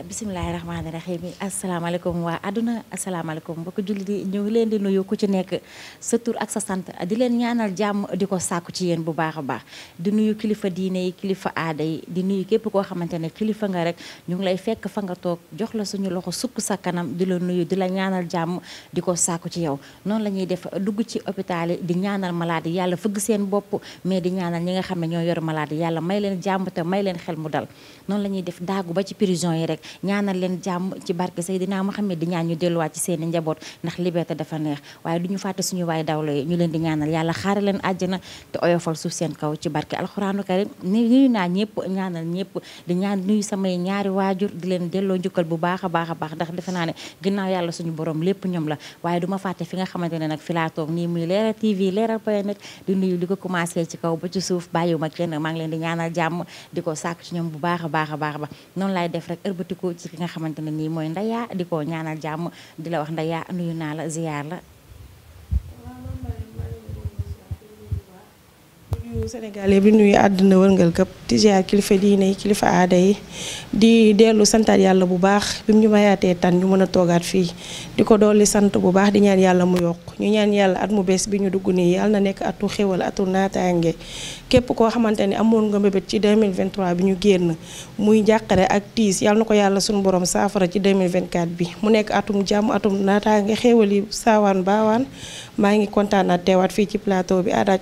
bisimilahi rahmaani rahim asalaamaaleykum waa àdduna asalaamaaleykum mbokk jullit yi ñu ngi leen di nuyu ku ci nekk sa tur ak sa sant di leen ñaanal jàmm di ko sàkku ci yéen bu baax a baax di nuyu kilifa diine kilifa aada yi di nuyu képp koo xamante ne kilifa nga rek ñu ngi lay fekk fa nga toog jox la suñu loxo sukk sa kanam di la nuyu di la ñaanal jàmm di ko sàkku ci yow noonu la ñuy def dugg ci hôpital yi di ñaanal malaadi yàlla fëgg seen bopp mais di ñaanal ñi nga xam ne ñoo yor malade yàlla may leen jàmm te may leen xel mu dal noonu la ñuy def daagu ba ci prison yi rek ñaanal leen jàmm ci barke Seydina Mohamed di ñaan ñu delluwaat ci seen i njaboot ndax liberté dafa neex waaye du ñu fàtte suñu waay dawlo yi naa ñëpp ñaanal ñëpp di ñaan nuyu samay ñaari waajur di leen delloo njukkal bu baax a baax a baax ndax defe naa ne ginnaaw yàlla suñu borom lépp ñoom la waaye duma fàtte fi nga xamante ne nag fi laa toog nii muy leeral tv leeral point di ko commencé ci kaw ba ci suuf bàyyiwuma kenn maa ngi leen di ñaanal jàmm di ko sàkk ci ñoom bu baax a baax a baax ba noonu laay def rek ërbatu wëlbatiku ci ki nga xamante ne nii mooy Ndaya di ko a jàmm di la wax Ndaya nuyu naa la ziar la nuyu Sénégalais bi nuyu àddina wërngal këpp di ziar kilifa diine yi kilifa aada yi di dellu santaat yàlla bu baax bi mu ñu mayaatee tan ñu mën a toogaat fii di ko dolli sant bu baax di ñaan yàlla mu yokk ñu ñaan yàlla at mu bees bi ñu dugg nii yàlla na nekk atu xéwal atu naataange képp koo xamante ni amoon nga mbébét ci 2023 bi ñu génn muy jàqare ak tiis yàlla na ko yàlla suñu boroom saafara ci 2024 bi mu nekk atum jàmm atum naataange xéwal yi saawaan baawaan maa ngi kontaan teewaat fii ci plateau bi aada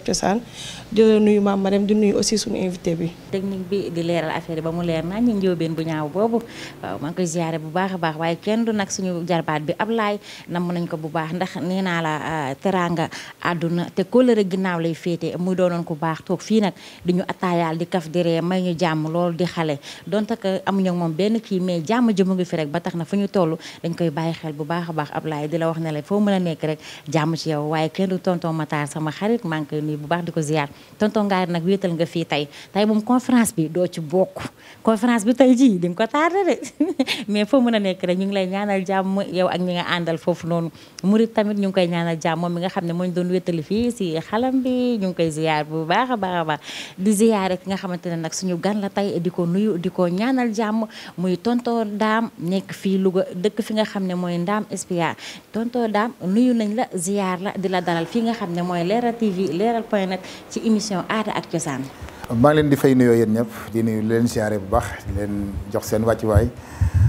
nuyu maam Marème di nuyu aussi suñu invité bi. technique bi di leeral affaire yi ba mu leer naa ñu njóobeen bu ñaaw boobu waaw maa ngi koy ziare bu baax a baax waaye kenn du nag suñu jarbaat bi Ablaye namm nañ ko bu baax ndax nee naa la euh, teraanga àdduna te kóllëre ginnaaw lay féete muy doonoon ku baax toog fii nag di ñu attaayaal di kaf di may ñu jàmm loolu di xale donte que amuñu moom benn kii mais jàmm jëmu ngi fi rek ba tax na fu ñu toll dañ koy bàyyi xel bu baax a baax Ablaye di la wax ne la foo mën a nekk rek jàmm ci yow waaye kenn du tonton Matar sama xarit maa ngi koy nuyu bu baax di ko ziar tonton Ngaari nag wéetal nga fii tey tey moom conférence bi doo ci bokk conférence bi tey jii di nga ko tardé de mais foo mën a nekk rek ñu nga àndal foofu noonu murit tamit ñu ngi koy mi nga xam ne mooñ doon wéetali fii si xalam bi ñu ngi koy ziyaar bu baax a baax a baax di ziyaar rek nga xamante ne nag suñu gan la tey di ko nuyu di ko ñaanal jàmm muy tonton Dame nekk fii Louga nga xam ne mooy Ndam Espia tonton Dame nuyu nañ la ziyaar la di la dalal fii nga xam ne mooy Leral TV Leral point net ci émission émission aada ak cosaan. maa ngi leen di fay nuyoo yéen ñëpp di nuyu leen siyaare bu baax leen jox seen wàccuwaay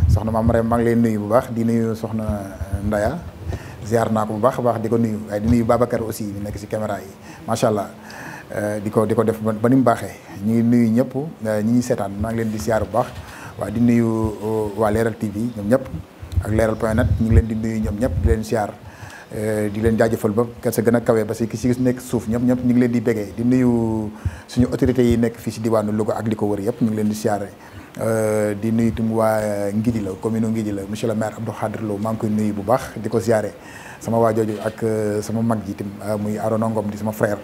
soxna maam Marème maa ngi leen nuyu bu baax di nuyu soxna Ndaya ziar naa ko bu baax a baax di ko nuyu waaye di nuyu Babacar aussi di nekk si caméra macha allah euh, di ko di ko def ba ni mu baaxee ñu ngi nuyu ñëpp euh, ñi ñuy seetaan maa ngi leen di siyaar bu baax waaye di nuyu euh, waa Leeral TV ñoom ñëpp ak Leeral point net ñu ngi leen di nuyu ñoom ñëpp di leen siyaar. Eh, di leen jaajëfal ba kat sa gën a kawee ba que si nekk suuf ñëpp ñëpp ngi leen di bégee di nuyu suñu autorité yi nekk fii si diwaanu Louga ak li ko wër yëpp ñu ngi leen di siyaare eh, di nuyu tum waa Ngidi la commune Ngidi la monsieur le maire Abdou Khadre Lo maa ngi koy nuyu bu baax di ko siyaare sama waa jooju ak eh, sama mag ji tam muy Arona Ngom di sama frère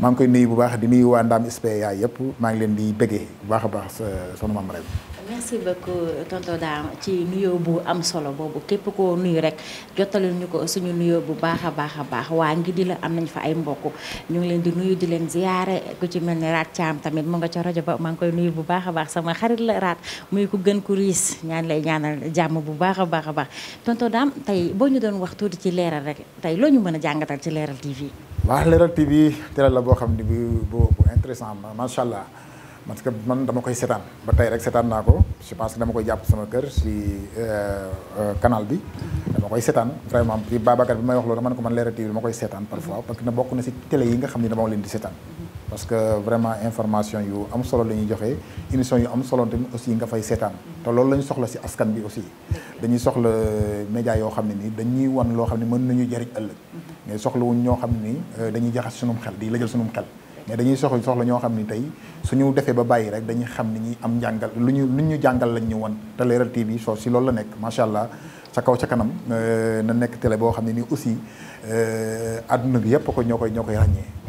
maa ngi koy nuyu bu baax di nuyu waa Ndam SPA yëpp maa ngi leen di bégee bu baax a baax soxna Mame Reme merci beaucoup tonton Dame ci nuyoo bu am solo boobu képp koo nuyu rek jottalil ñu ko suñu nuyoo bu baax a baax a baax waa ngi di la am nañ fa ay mbokk ñu ngi leen di nuyu di leen ziyaare ku ci mel ni Raat Caam tamit mu nga ca rajo ba maa ngi koy nuyu bu baax a baax sama xarit la Raat muy ku gën ku riis ñaan lay ñaanal jàmm bu baax a baax a baax tonton Dame tey boo ñu doon wax tuuti ci leeral rek tey loo ñu mën a jàngatal ci leeral TV. waaw leeral TV teral boo xam ne bu parce que man dama koy seetaan ba tey rek seetaan naa ko je pense que dama koy jàpp sama kër si euh, euh, canal bi dama koy seetaan vraiment ci Babacar bi may wax loolu man ko man Leral TV dama koy seetaan parfois mhm. parce que na bokk na si télé yi nga xam ne dama que vraiment information yu am solo la ñuy joxe émission yu am solo tamit aussi nga fay seetaan mhm. te loolu la ñu soxla si askan bi aussi dañuy soxla euh, média yoo xam ne nii dañuy wan loo xam ne mën nañu jëriñ ëllëg mhm. soxla soxlawuñ ñoo xam ni dañuy jaxas sunum xel di lëjal su xel mais dañuy soxla soxla ñoo xam ni tey su ñu defee ba bàyyi rek dañuy xam ni ñuy am njàngal lu ñu lu ñu jàngal lañ ñu won te Leral TV soo si loolu la nekk macha allah sa kaw ca kanam euh, na nekk télé boo xam ne nii aussi àdduna euh, bi yëpp ko ñoo koy ñoo koy ràññee.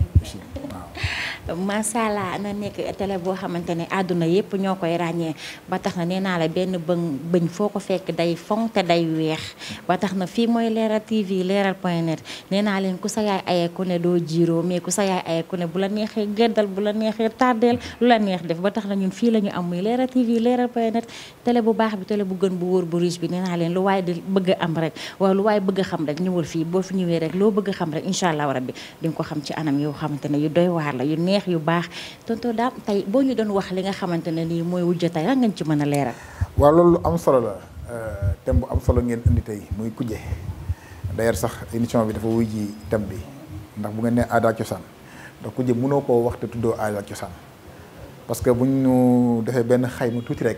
masala na nekk télé boo xamante ne àdduna yëpp ñoo koy ràññee ba tax na nee naa la benn bëñ bëñ foo ko fekk day fonk te day weex ba tax na fii mooy leeral TV leeral point net nee naa leen ku sa yaay ayee ku ne doo jiiroo mais ku sa yaay ayee ku ne bu la neexee bu la neexee tardeel lu la neex def ba tax na ñun fii la ñu am muy leeral TV leeral point net bu baax bi télé bu gën bu wóor bu riche bi nee naa leen lu waaye di bëgg am rek waaw lu waaye bëgg a xam rek ñëwal fii boo fi ñëwee rek loo bëgg a xam rek incha rabbi di nga ko xam ci anam yoo xamante ne yu doy waar la yu neex yu baax tonton daa tey boo ñu doon wax li nga xamante ne nii mooy wujja tey lan ngeen ci mën a leeral. waaw loolu am solo la euh, thème bu am solo ngeen indi tey muy kuje d'ailleurs sax émission bi dafa wuy ji thème bi ndax bu ngeen nee aada ak cosaan ndax kuje mënoo koo wax te tuddoo aada cosaan parce que bu ñu defee benn xayma tuuti rek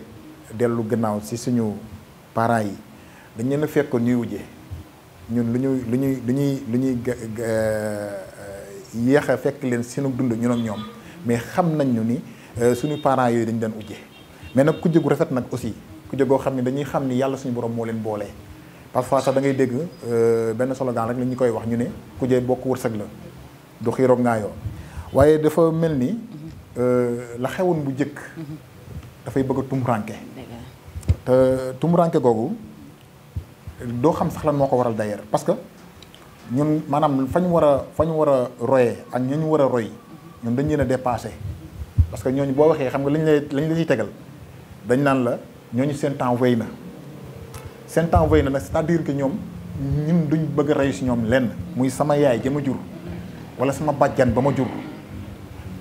dellu gannaaw si suñu parents yi dañ leen a fekkoon ñuy wujje ñun lu ñuy lu ñuy lu ñuy lu ñuy yéex a fekk leen sinu dund ñun ak ñoom mais xam nañ ñu ni euh, suñu parents yooyu dañ daan ujje mais nag kujje gu rafet nag aussi kujje goo xam ne dañuy xam ni yàlla suñu borom moo leen boole parfois sax da ngay dégg euh, benn slogan rek la ñu koy wax ñu ne kujje bokk wërsëg la du ngaa ngaayoo waaye dafa mel ni euh, la xewoon bu jëkk dafay bëgg a tumuranke te tumuranke googu doo xam sax lan moo ko waral d'ailleurs ñun maanaam fa ñu war a fa ñu war a royee ak ña ñu war a roy ñun dañ leen a dépassé parce que ñooñu boo waxee xam nga lañ lay lañ la ciy tegal dañ naan la ñooñu seen temps wéy na seen temps wéy na nag c'est-à-dire que ñoom ñun duñ bëgg a rey si ñoom lenn muy sama yaay ja ma jur wala sama bàjjan ba ma jur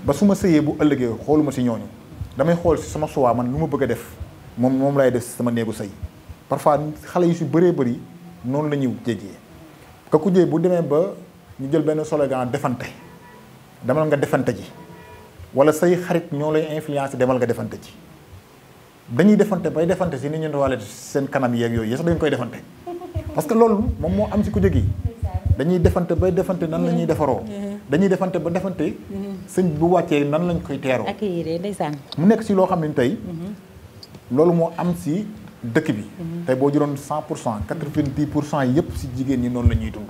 ba su ma sëyee bu ëllëgee xooluma si ñooñu damay xool si sama suwaa man lu ma bëgg a def moom moom lay def sama néegu sëy parfois xale yu si bëree bëri noonu la ñuy jéjee ka ku jéey bu demee ba ñu jël benn slogan defante demal nga defante ji wala say xarit ñoo lay influence demal nga defante ji dañuy defante bay defante si ni ñu doon seen kanam yeeg yooyu sax dañ koy defante parce que loolu moom moo am si ku jóg dañuy defante bay defante nan la ñuy defaroo. dañuy defante ba defante. sëñ bu wàccee nan lañ koy teeroo. ak mu nekk si loo xam ne tey. Mhm. loolu moo am si. dëkk bi. Mhm. tey boo jëloon cent pour cent quatre-vingt-dix pour cent yëpp si jigéen ñi noonu la ñuy dund.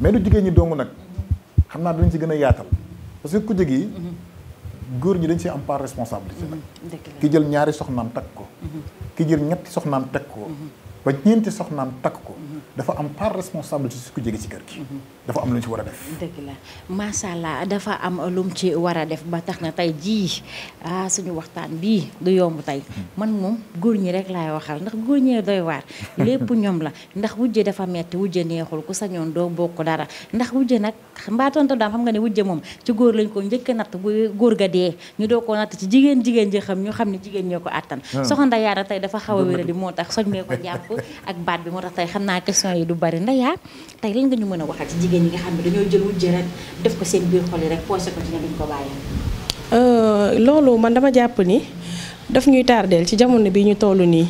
mais du jigéen ñi dong nag mhm. xam naa dañ ci gën a yaatal mhm. parce que ku jege góor ñi dañ si am part responsabilité nag ki jël ñaari soxnaam takk ko ki jël ñetti soxnaam takk ko ba ñeenti soxnaam takk ko dafa am part responsabilité si ku jëge si kër gi dafa am lu ñu ci war def. dafa am lu mu ci war a def ba tax na tey jii ah suñu waxtaan bii du yomb tey man moom góor ñi rek laay waxal ndax góor ñee doy waar. lépp ñoom la ndax wujje dafa metti wujje neexul ku sañoon doo bokk dara ndax wujje nag mbaatoon tontu daam xam nga ne wujje moom ci góor lañ ko njëkk natt bu góor ga dee ñu doo ko natt ci jigéen jigéen ji xam ñu xam ne jigéen ñee ko àttan. Ah. soxna Ndeye Yaara tey dafa xaw a wéra moo tax soñ mee ko jàpp ak baat bi moo tax tey xam naa question yi du bari Ndeye jigéen ñi dañoo jël wujje rek def ko seen rek poosé ko ci euh, loolu man dama jàpp ni daf ñuy tardeel ci jamono bi ñu toll nii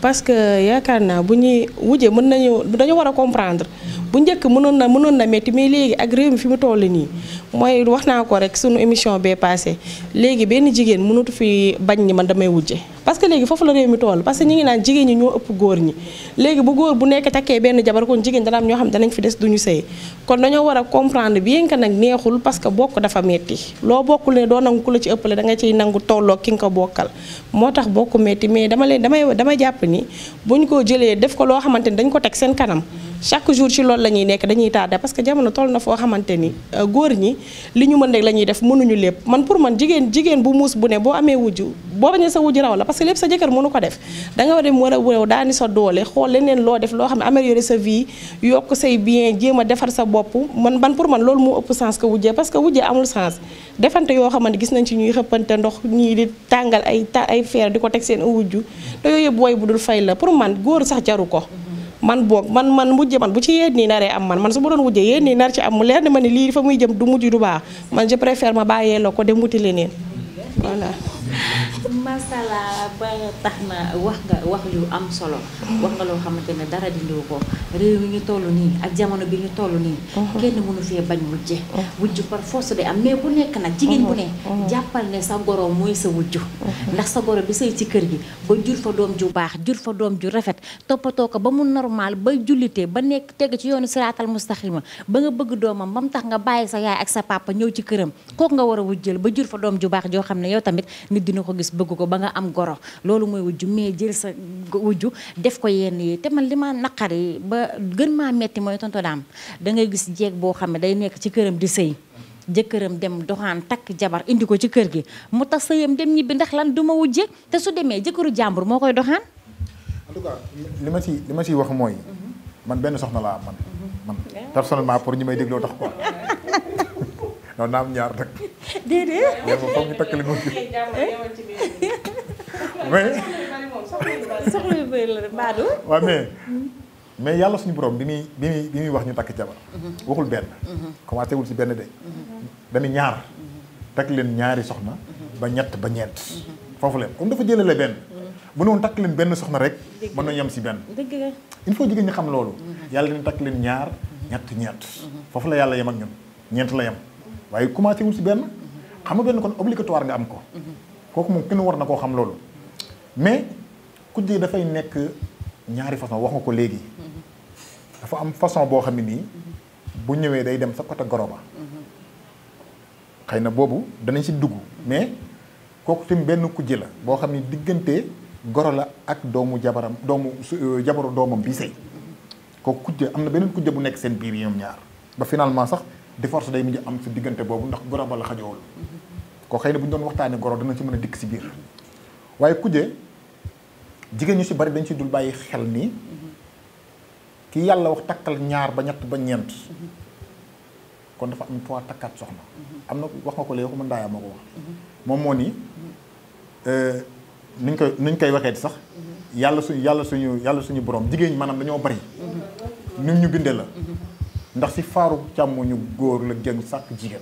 parce que yaakaar naa bu ñuy wujje mën nañu dañu war a comprendre bu njëkk mënoon na mënoon na métti mais léegi ak réew mi fi mu toll nii mooy wax naa ko rek sunu émission bee passé léegi benn jigéen mënatu fi bañ ni man damay wujje parce que léegi foofu la réew mi toll parce que ñu ngi naan jigéen ñi ñoo ëpp góor ñi léegi bu góor bu nekk takkee benn jabar kon jigéen dana am ñoo xam danañ fi des duñu sëy kon dañoo war a comprendre bi que nag neexul parce que bokk dafa metti loo bokkul ne doo nangu ku la ci ëpp da danga ciy nangu tolloo ki nga ko bokkal moo tax bokk metti mais dama leen damay damay jàpp ni buñ ko jëlee def ko loo xamante ni dañ ko teg seen kanam chaque jour ci lool lañuy nekk dañuy tardé parce que jamono toll na foo xamante ni euh, góor ñi li ñu mën rek la ñuy def mënuñu lépp man pour man jigéen jigéen bu muus bu ne boo amee wujju boo bañee sa wujju raw la parce que lépp sa jëkkër mënu ko def da nga a dem war a sa doole xool leneen loo def loo xam ne améliorer sa vie yokk say bien jéem a sa bopp man man pour man loolu moo ëpp sens que wujjee parce que wujjee amul sens defante yoo xamante gis nañ ci ñuy xëppante ndox ñii di tàngal ay ay feer di ko teg seen wujju te yooyu yëpp woy bu dul fay la pour man góor sax jaru ko man boog man man mujj man bu ci yéen nii naree am man man su ma doon wujjee yéen nii nar ci am mu leer ne ma ne lii fa muy jëm du mujj du baax man je préfère ma bàyyee la ko dem wuti leneen voilà masala ba tax na wax nga wax lu am solo wax nga loo xamante ne dara dindiwu ko réew yi ñu toll nii ak jamono bi ñu toll nii uh-huh. kenn mënu fee bañ wujje uh-huh. wujju par force de am mais bu nekk nag jigéen bu ne uh-huh. jàppal ne sa goro mooy sa wujju ndax sa goro bi sëy ci kër gi ba jur fa doom ju baax jur fa doom ju rafet toppatoo ko ba mu normal ba jullite ba nekk teg ci yoonu siraatal mustaxima ba bëgg doomam ba tax nga bàyyi sa yaay ak sa papa ñëw ci këram kooku nga war a wujjal ba jur fa doom ju baax joo xam ne yow tamit nit dina ko gis bëgg ko ba nga am goro loolu mooy wujju mais jël sa wujju def ko yenn yi te man li ma naqari ba gën maa metti mooy tonto daam da ngay gis jeeg boo xam ne day nekk ci këram di sëy jëkkëram dem doxaan takk jabar indi ko ci kër gi mu tax sëyam dem ñibbi ndax lan du ma wujje te su demee jëkkëru jàmbur moo koy doxaan en li ma ci li ma ciy wax mooy mhm. man benn soxna laa am man mhm. man personnellement pour ñi may dégloo tax non naam ñaar nag. déedéet. mais foog ñu yàlla suñu borom bi muy bi muy bi muy wax ñu takk jabar. Mm-hmm. waxul benn. Mm-hmm. commencé wul ci benn de. dañu mm-hmm. ñaar. takk leen ñaari soxna. ba ñett ba ñeent. foofu leen comme dafa jëlale benn. bu takk leen benn soxna rek. mën na yem ci benn. il faut jigéen ñi xam loolu. yàlla dina takk ñaar ñett ñeent. foofu la yàlla yem ak ñun ñeent la yem. waaye commencé wu si benn xam nga benn kon obligatoire nga am ko kooku moom kenn war na koo xam loolu mais kujje dafay nekk ñaari façon wax nga ko léegi dafa am façon boo xam ne nii bu ñëwee day dem sa côté goro ba xëy na boobu danañ si dugg mais kooku tamit benn kujje la boo xam ne diggante goro la ak doomu jabaram doomu euh, jabaru doomam bi sëy kooku kujje am na beneen kujje bu nekk seen biir ñoom ñaar ba finalement sax di force day mujj am si diggante boobu ndax goro ba la xajoowul mm-hmm. ko xëy na bu ñu doon waxtaanee goro dana ci mën a dikk si biir waaye kuje jigéen ñu si bari dañ si dul bàyyi xel nii mm-hmm. ki yàlla wax takkal ñaar ba ñett ba ñeent mm-hmm. kon dafa am trois takkaat soxna am na wax nga ko léegi waxuma ndaaya moo ko wax moom moo ni euh, nuñ koy nuñ koy waxee sax yàlla suñu yàlla suñu yàlla suñu borom jigéen ñi maanaam dañoo bari ni ñu bindee la ndax si faaru càmmoñu góor la génn sàkk jigéen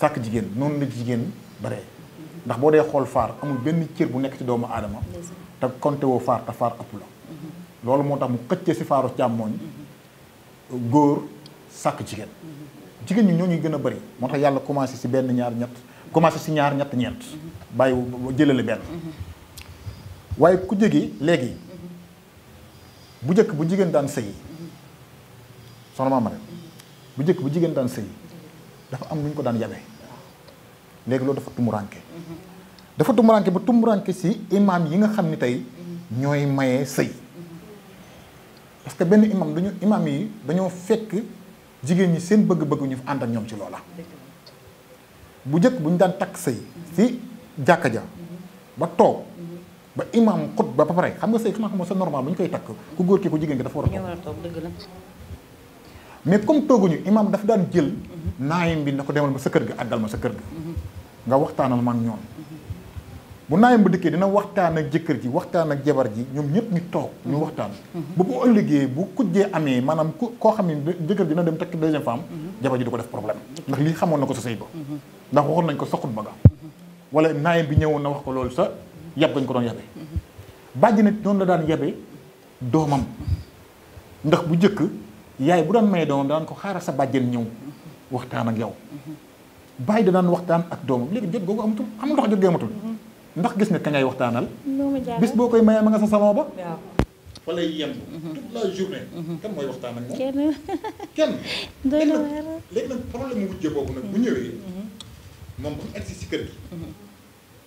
sàkk jigéen noonu la jigéen bare ndax boo dee xool faar amul benn cër bu nekk ci doomu aadama te konte woo faar te faar ëpp la loolu moo tax mu xëccee si faaru càmmoñ góor sàkk jigéen jigéen ñi ñoo ñuy gën a bëri moo tax yàlla commencé si benn ñaar ñett commencé si ñaar ñett ñeent bàyyi jëlale benn waaye ku jege léegi bu njëkk bu jigéen daan sëyi soxna maam Marème bu njëkk bu jigéen daan sëy dafa am lu ñu ko daan yabee léegi loolu dafa tumuranke dafa tumuranke ba tumuraanke si imaam yi nga xam ni tey ñooy mayee sëy parce que benn imaam dañu imaam yi dañoo fekk jigéen ñi seen bëgg-bëgg ñu ànd ak ñoom ci loola bu njëkk bu ñu daan takk sëy si jàkka ja ba toog ba imaam xut ba pare xam nga sëy xanaa xam nga c'est normal bu ñu koy takk ku góor ki ku jigéen ki dafa war a toog mais comme tooguñu imam dafa daan jël naayim bi na ko demal ma sa kër ga àddal ma sa kër ga nga waxtaanal man ñoom bu naayam bu dikkee dina waxtaan ak jëkkër ji waxtaan ak jabar ji ñoom ñëpp ñu toog ñu waxtaan bu bu ëllëgee bu kujjee amee maanaam ko koo xam ne jëkkër ji dina dem takk deuxième femme jabar ji du ko def problème ndax lii xamoon na ko sa say ba ndax waxoon nañ ko soxut ba nga wala naayam bi ñëwoon na wax ko loolu sa yab gañ ko doon yabe bàjj nit la daan yabe doomam bu jëkk yaay bu doon may doomam daan ko xaaral sa bàjjen ñëw waxtaan ak yow bàyyi da daan waxtaan ak doomam léegi jot googu amatul am ndox jot gi amatul ndax gis nga ka ngay waxtaanal bis boo koy mayee ma nga sa salon ba fa lay yem toute la journée kan mooy waxtaan ak moom kenn kenn doy na waar léegi nag nag bu ñëwee moom ba mu agsi si kër gi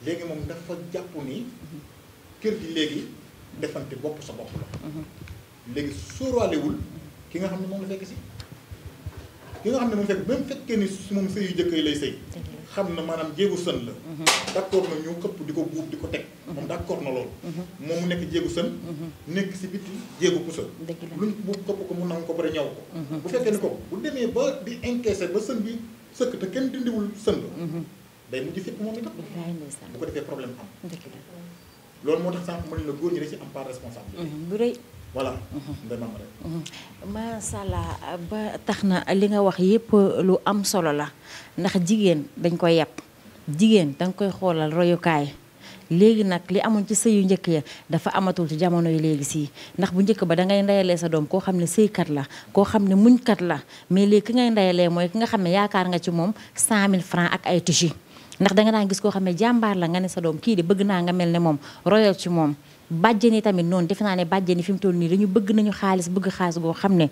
léegi moom dafa jàpp ni kër gi léegi defante bopp sa bopp la mhm. léegi sóoraalewul ki nga xam ne moom la fekk si ki nga xam ne moom fekk même fekkee ni moom sëy yu jëkk yi lay sëy xam na maanaam jéegu sën la mhm. d'accord na ñu këpp di ko buub di ko teg mhm. moom d'accord na loolu mhm. moom mu nekk jéegu sën nekk si biti jéegu pusa luñ buub këpp ko mu ko bari ñaw ko bu fekkee ni ko bu demee ba di encaissé ba sën bi sëkk te kenn dindiwul sën la day mujj fépp moom itam bu ko defee problème am loolu moo tax sànq mën la góor ñi da ci am part responsable bu rëy voilà. Mhm. Mhm. macha allah ba tax na li nga wax yépp lu am solo la ndax jigéen dañ koy yàpp jigéen danga koy xoolal royukaay léegi nag li amoon ci sëy yu njëkk ya dafa amatul ci jamono yi léegi sii ndax bu njëkk ba dangay ndayalee sa doom koo xam ne sëykat la koo xam ne muñkat la mais léegi ki ngay ndayalee mooy ki nga xam ne yaakaar nga ci moom 100000 francs ak ay tuchi ndax danga daan gis koo xam ne jàmbaar la nga ne sa doom kii de bëgg naa nga mel ne moom royal ci moom. bàjjen yi tamit noonu defe naa ne bàjjen yi fi mu toll nii dañu bëgg nañu xaalis bëgg xaalis goo xam ne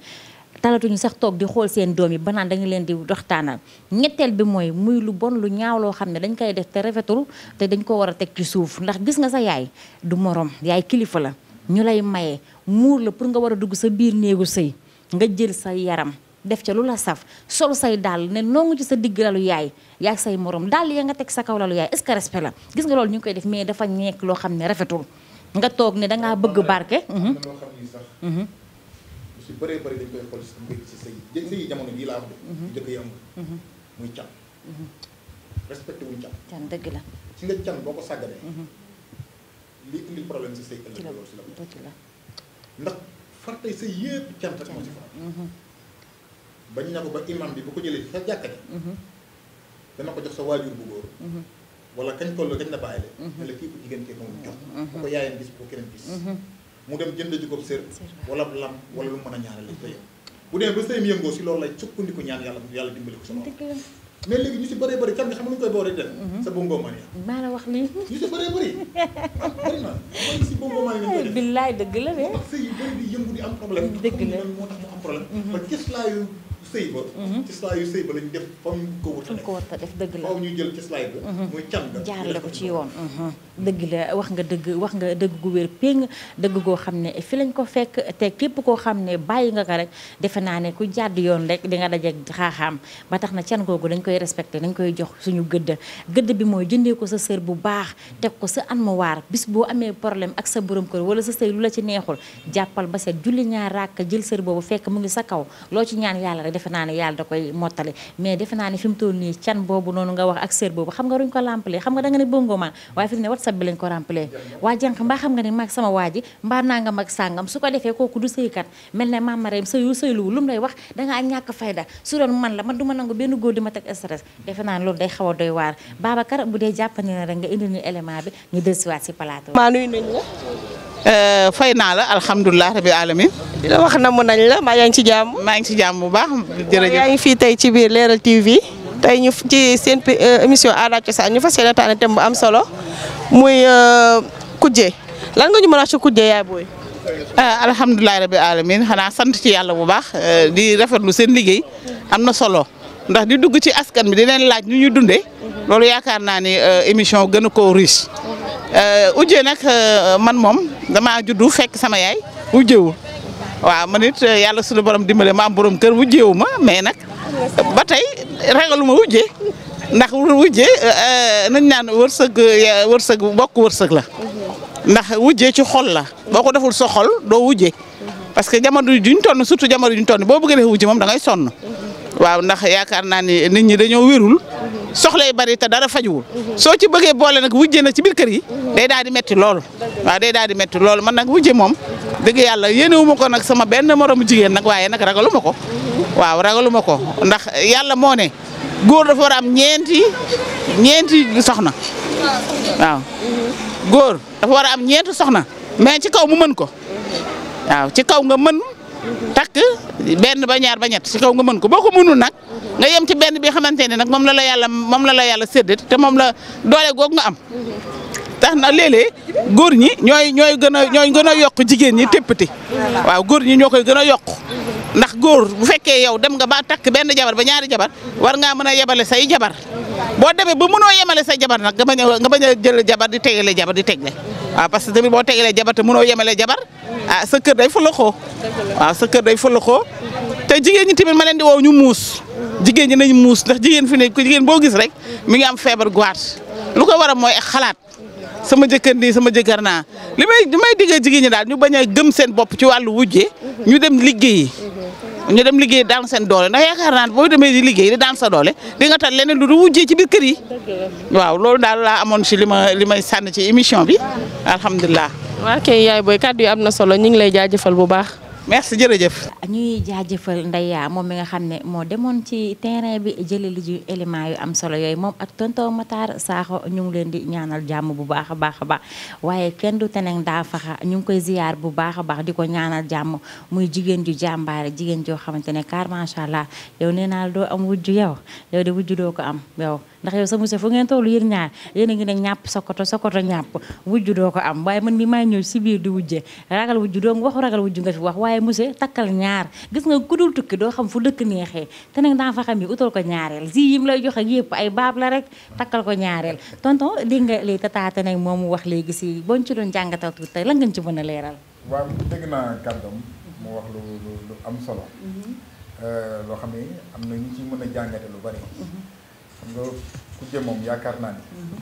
talatuñu sax toog di xool seen doom yi ba naan dañu leen di doxtaanal ñetteel bi mooy muy lu bon lu ñaaw loo xam ne dañ koy def te rafetul te dañ koo war a teg ci suuf ndax gis nga sa yaay du morom yaay kilifa la ñu lay maye muur la pour nga war a dugg sa biir néegu sëy nga jël sa yaram def ca lu la saf sol say dàll ne nongu ci sa digg lalu yaay yaa say morom dàll ya nga teg sa kaw lalu yaay est la gis nga loolu ñu ngi koy def mais dafa nekk loo xam ne rafetul nga toog ne da bëgg barke. am na mhm. loo xam ni sax. Mhm. lu si bëree bëri dañ koy xool si sëy yi sëy yi jamono bii laa wax de. jëkk mhm. yi am muy can. respecté wuñ can. can dëgg la. si nga can boo ko sàgganee. lii indil problème si sëy ëllëg loolu si la ndax far tey sëy yëpp can rek moo si faral. bañ na ko ba imam bi bu ko jëlee sa jàkka dana ko jox sa waajur bu wala kañ toll ko mhm. jigéen kee ko moom jot. Mhm. bu ko yaayam gis mhm. loolu lay ñaan yàlla yàlla dimbali ko sa mais léegi ñu si bëree bëri la wax lii. ñu si bëree ah, na man si moo tax mu am problème. ba gis laa yu sëy ba mhm. cislaayu def dëgg la faw ñu mhm. ko ci yoon mhm. dëgg la wax nga dëgg wax nga dëgg gu wér dëgg goo xam ne fi lañ ko fekk te képp koo xam ne bàyyi nga ko rek defe naa ne ku jàdd yoon rek di nga dajeeg xaaxaam ba tax na can googu dañ koy respecté dañ koy jox suñu gëdd gëdd bi mooy jëndee ko sa sër bu baax teg ko sa mu waar bis boo amee problème ak sa borom kër wala sa sëy lu la ci neexul jàppal ba set julli ñaar ràkk jël sër boobu fekk mu ngi sa kaw loo ci ñaan yàlla rek defe naa ne yàlla da koy mottali mais defe naa ne fi mu toll nii can boobu noonu nga wax ak sër boobu xam nga ruñ ko lampale xam nga da nga ne bongo waaye fi mu ne whatsapp bi lañ ko rampale waa jànq mbaa xam nga ne maag sama waa mbaa naa nga mag sàngam su ko defee kooku du sëykat mel ne mamareem sëyu sëyluwu lu mu lay wax dangaa ñàkk fayda su doon man la man du ma nangu benn góor di ma teg stress defe naa ne loolu day xaw a doy waar Babacar bu Euh, fay naa la alhamdulilah rabi alamin di la wax na mu nañ la maa yaa ngi ci jàmm. maa ngi ci jàmm bu baax jërëjëf yaa ngi fii tey ci biir Leral TV tey ñu ci seen euh, émission aada ak cosaan ñu fas yéene taane thème bu am solo muy euh, kujje lan nga ñu mën a wax ci kujje yaay booy. alhamdulilah rabi alamin xanaa sant ci yàlla bu baax di lu seen liggéey am na solo. ndax di dugg ci askan bi di leen laaj nu ñu dundee mhm. loolu yaakaar naa ni émission gën a koo riche ujjee euh, nag euh, man moom damaa juddu fekk sama yaay ujjeewul waaw man it euh, yàlla suñu borom dimbale ma am borom kër wujjeewu ma mais nag ba tey ragaluma wujjee ndax wujjee nañ naan wërsëg wërsëg bokk wërsëg la ndax wujjee ci xool la boo ko deful sa xool doo wujjee parce que jamono juñ tonn surtout jamono juñ tonn boo bëggee def wujje moom da ngay sonn waaw ndax yaakaar naa ni nit ñi dañoo wérul soxla yi bari te dara fajuwul soo ci bëggee boole nag wujje na ci biir kër yi day daal di metti loolu waaw day daal di metti loolu man nag wujje moom dëgg yàlla yéenewuma ko nag sama benn moromu jigéen nag waaye nag ragaluma ko waaw ragaluma ko ndax yàlla moo ne góor dafa war a am ñeenti ñeenti soxna waaw góor dafa war a am ñeenti soxna mais ci kaw mu mën ko waaw ci kaw nga mën takk benn ba ñaar ba ñett si kaw nga mën ko boo ko mënul nag nga yem ci benn bi xamante ne nag moom la la yàlla moom la la yàlla séddati te moom la doole googu nga am tax na léeg góor ñi ñooy ñooy gën a ñooy gën a yokk jigéen ñi téppati waaw góor ñi ñoo koy gën a yokk ndax góor bu fekkee yow dem nga ba takk benn jabar ba ñaari jabar war ngaa mën a yebale say jabar boo demee ba mënoo yemale say jabar nag nga bañ a nga bañ a jël jabar di tegale jabar di teg tegle waaw ah, parce que tamit boo tegalee jabar te mënoo yemale jabar ah sa kër day fulaxoo waaw ah, sa kër day fulaxoo te jigéen ñi tamit ma leen di woow ñu muus jigéen ñi nañ muus ndax jigéen fi ne ko jigéen boo gis rek mi ngi am feebar guwaat lu ko waral mooy xalaat sama jëkkër nii sama jëkkër naa li may li may diggee jigéen ñi daal ñu bañ a gëm seen bopp ci wàllu wujje ñu dem liggéeyi ñu dem liggéey daan seen doole ndax yaakaar naa ne boo demee di liggéey di daan sa doole di nga tal leneen lu du wujjee ci biir kër yi. waaw loolu daal laa amoon si li ma li may sànni ci émission bi alhamdulilah. waaw kay yaay booy kàddu yi am na solo ñu ngi lay jaajëfal bu baax. merci jërëjëf. ñuy jaajëfal Ndeya moom mi nga xam ne moo demoon ci terrain bi jëlee li ji éléments yu am solo yooyu moom ak tonton Matar Sakho ñu ngi leen di ñaanal jàmm bu baax a baax a baax waaye kenn du teneen daa faxa ñu ngi koy ziyaar bu baax a baax di ko ñaanal jàmm muy jigéen ju jàmbaare jigéen joo xamante ne car allah yow nee naa doo am wujju yow yow de wujju doo ko am yow. ndax yow sa monsieur fu ngeen toll yéen ñaar yéen a ngi ne ñàpp sokoto sokoto ñàpp wujju doo ko am waaye man mi maa ñëw si biir di wujje ragal wujju doo waxu ragal wujju nga fi wax waaye monsieur takkal ñaar gis nga kudul tukki doo xam fu dëkk neexee te nag daa fa xam yi utal ko ñaareel si yim lay jox ak yëpp ay baab la rek takkal ko ñaareel tonton dégg nga lii tataate nag mu wax léegi si boñ ci doon jàngatal tuuti tey la ngeen ci mën a leeral waaw dégg naa mm-hmm. euh, loo xam a xam nga kujje moom yaakaar naa ni mhm.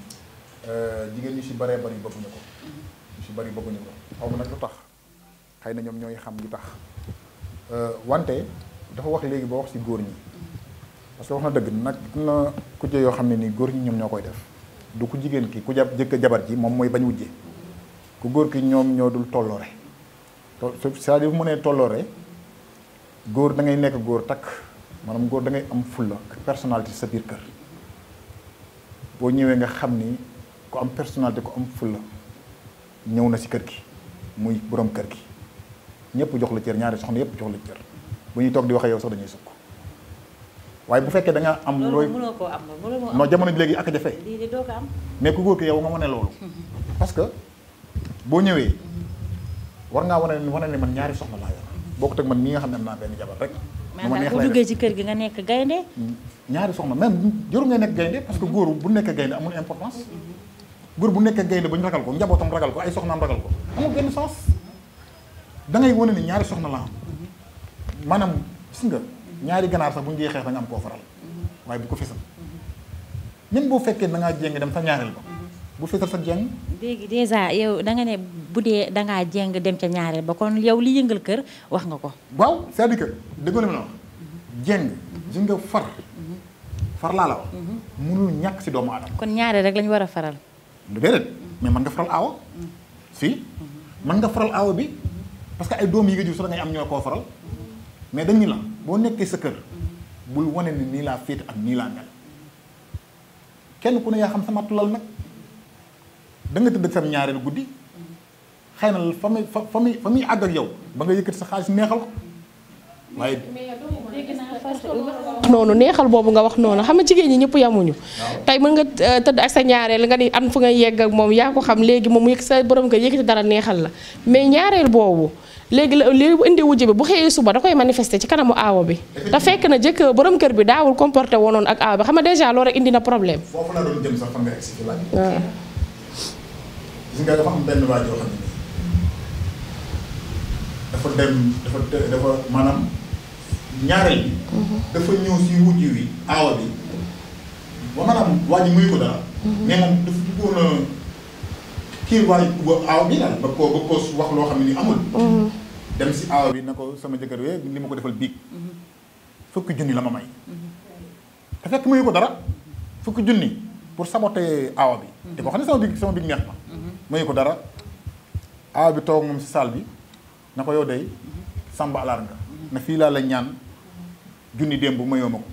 euh, jigéen ñu si bëree bëri bëgguñu ko ñu mhm. si bëri bëgguñu ko xaw ma nag lu tax xëy na ñoom ñooy xam li tax euh, wante dafa wax léegi ba wax si góor ñi mhm. parce que wax na dëgg nag na kujje yoo xam ne nii góor ñi ñoom ñoo koy def du ku jigéen ki ku jab jëkk jabar ji moom mooy bañ wujje ku góor ki ñoom ñoo dul tolloore c'est-à-dire bu mu nee tolloore góor dangay nekk góor takk maanaam góor dangay am fulla ak personnalité sa biir kër boo ñëwee nga xam ni ku am personal personnalité ku am fulla ñëw na si kër gi muy borom kër gi ñëpp jox la cër ñaari soxna yëpp jox la cër bu ñuy toog di waxee yow sax dañuy sukk waaye bu fekkee da nga am. looy mënoo koo am jamono léegi ak a jafe. ko am. mais ku góor ki yow nga mën loolu. Mm-hmm. parce que boo ñëwee mm-hmm. war ngaa wane ne wane ne man ñaari soxna laa yor mm-hmm. bokkut ak man mii nga xam ne am naa benn jabar rek. bu ma neex lay duggee ci kër gi nga nekk gaynde mm. ñaari soxna même jarul ngay nekk gaynde parce que góor bu nekk gaynde amul importance góor bu nekk gaynde ba ñu ragal ko njabootam ragal ko ay soxnaam ragal ko amul benn sens da ngay wane ne ñaari soxna la am maanaam gis nga ñaari ganaar sax bu ñu dee xeex dañu am koo faral waaye bu ko fesal même boo fekkee da ngaa jéng dem sa ñaareel ba bu sa Dieng. léegi dèjà yow da nga ne bu dee da ngaa jeng dem ca ñaareel ba kon yow li yëngal kër wax nga ko. waaw c'est-à-dire que déggoo na ma noonu. jeng. far. far laa ñàkk si doomu aadama. kon ñaareel rek lañu war a faral. du déedéet mais mën nga faral aawa. si mën nga faral aawa bi parce que ay doom yi nga jur sax da am ñoo koo faral mais dañ ñu la boo nekkee sa kër bul wone ni nii laa féet ak nii laa mel kenn ku ne yaa xam sama tulal nag. da nga tëdd sam ñaareelu guddi xay na fa muy fa muy fa àgg ak yow ba nga yëkkati sa xaalis neexal ko noonu neexal boobu nga wax noonu xam nga jigéen ñi ñëpp yamuñu tey mën nga euh, tëdd ak sa ñaareel nga ni am fu nga yegg ak moom yaa ko xam léegi moom yëg sa borom nga yëkkati dara neexal la mais ñaareel boobu léegi la li indi wujj bi bu xëyee suba da koy manifester ci kanamu aawa bi te fekk na jëkk borom kër bi daawul comporté wonoon ak aawa bi xam nga déjà loolu rek indi na problème foofu la gis nga dafa am benn waa joo xam ne dafa dem dafa dafa maanaam ñaareel bi. Mm-hmm. dafa ñëw si wujj wi aawa bi ba maanaam waa ji muy ko dara. Mm-hmm. mais moom dafa bëggoon a kii waa aawa bi daal ba koo ba koo wax loo xam ne ni amul. Mm-hmm. dem si aawa bi na ko sama jëkkër wee li ma ko defal biig fukki junni la ma may. te fekk muyu ko dara fukki junni pour saboter aawa bi. te boo xam ne sama bi neex ma. mayu ko dara aaw bi toog moom si saal bi na ko yow day sàmba alaar nga na fii laa la ñaan junni démb mayoo ma ko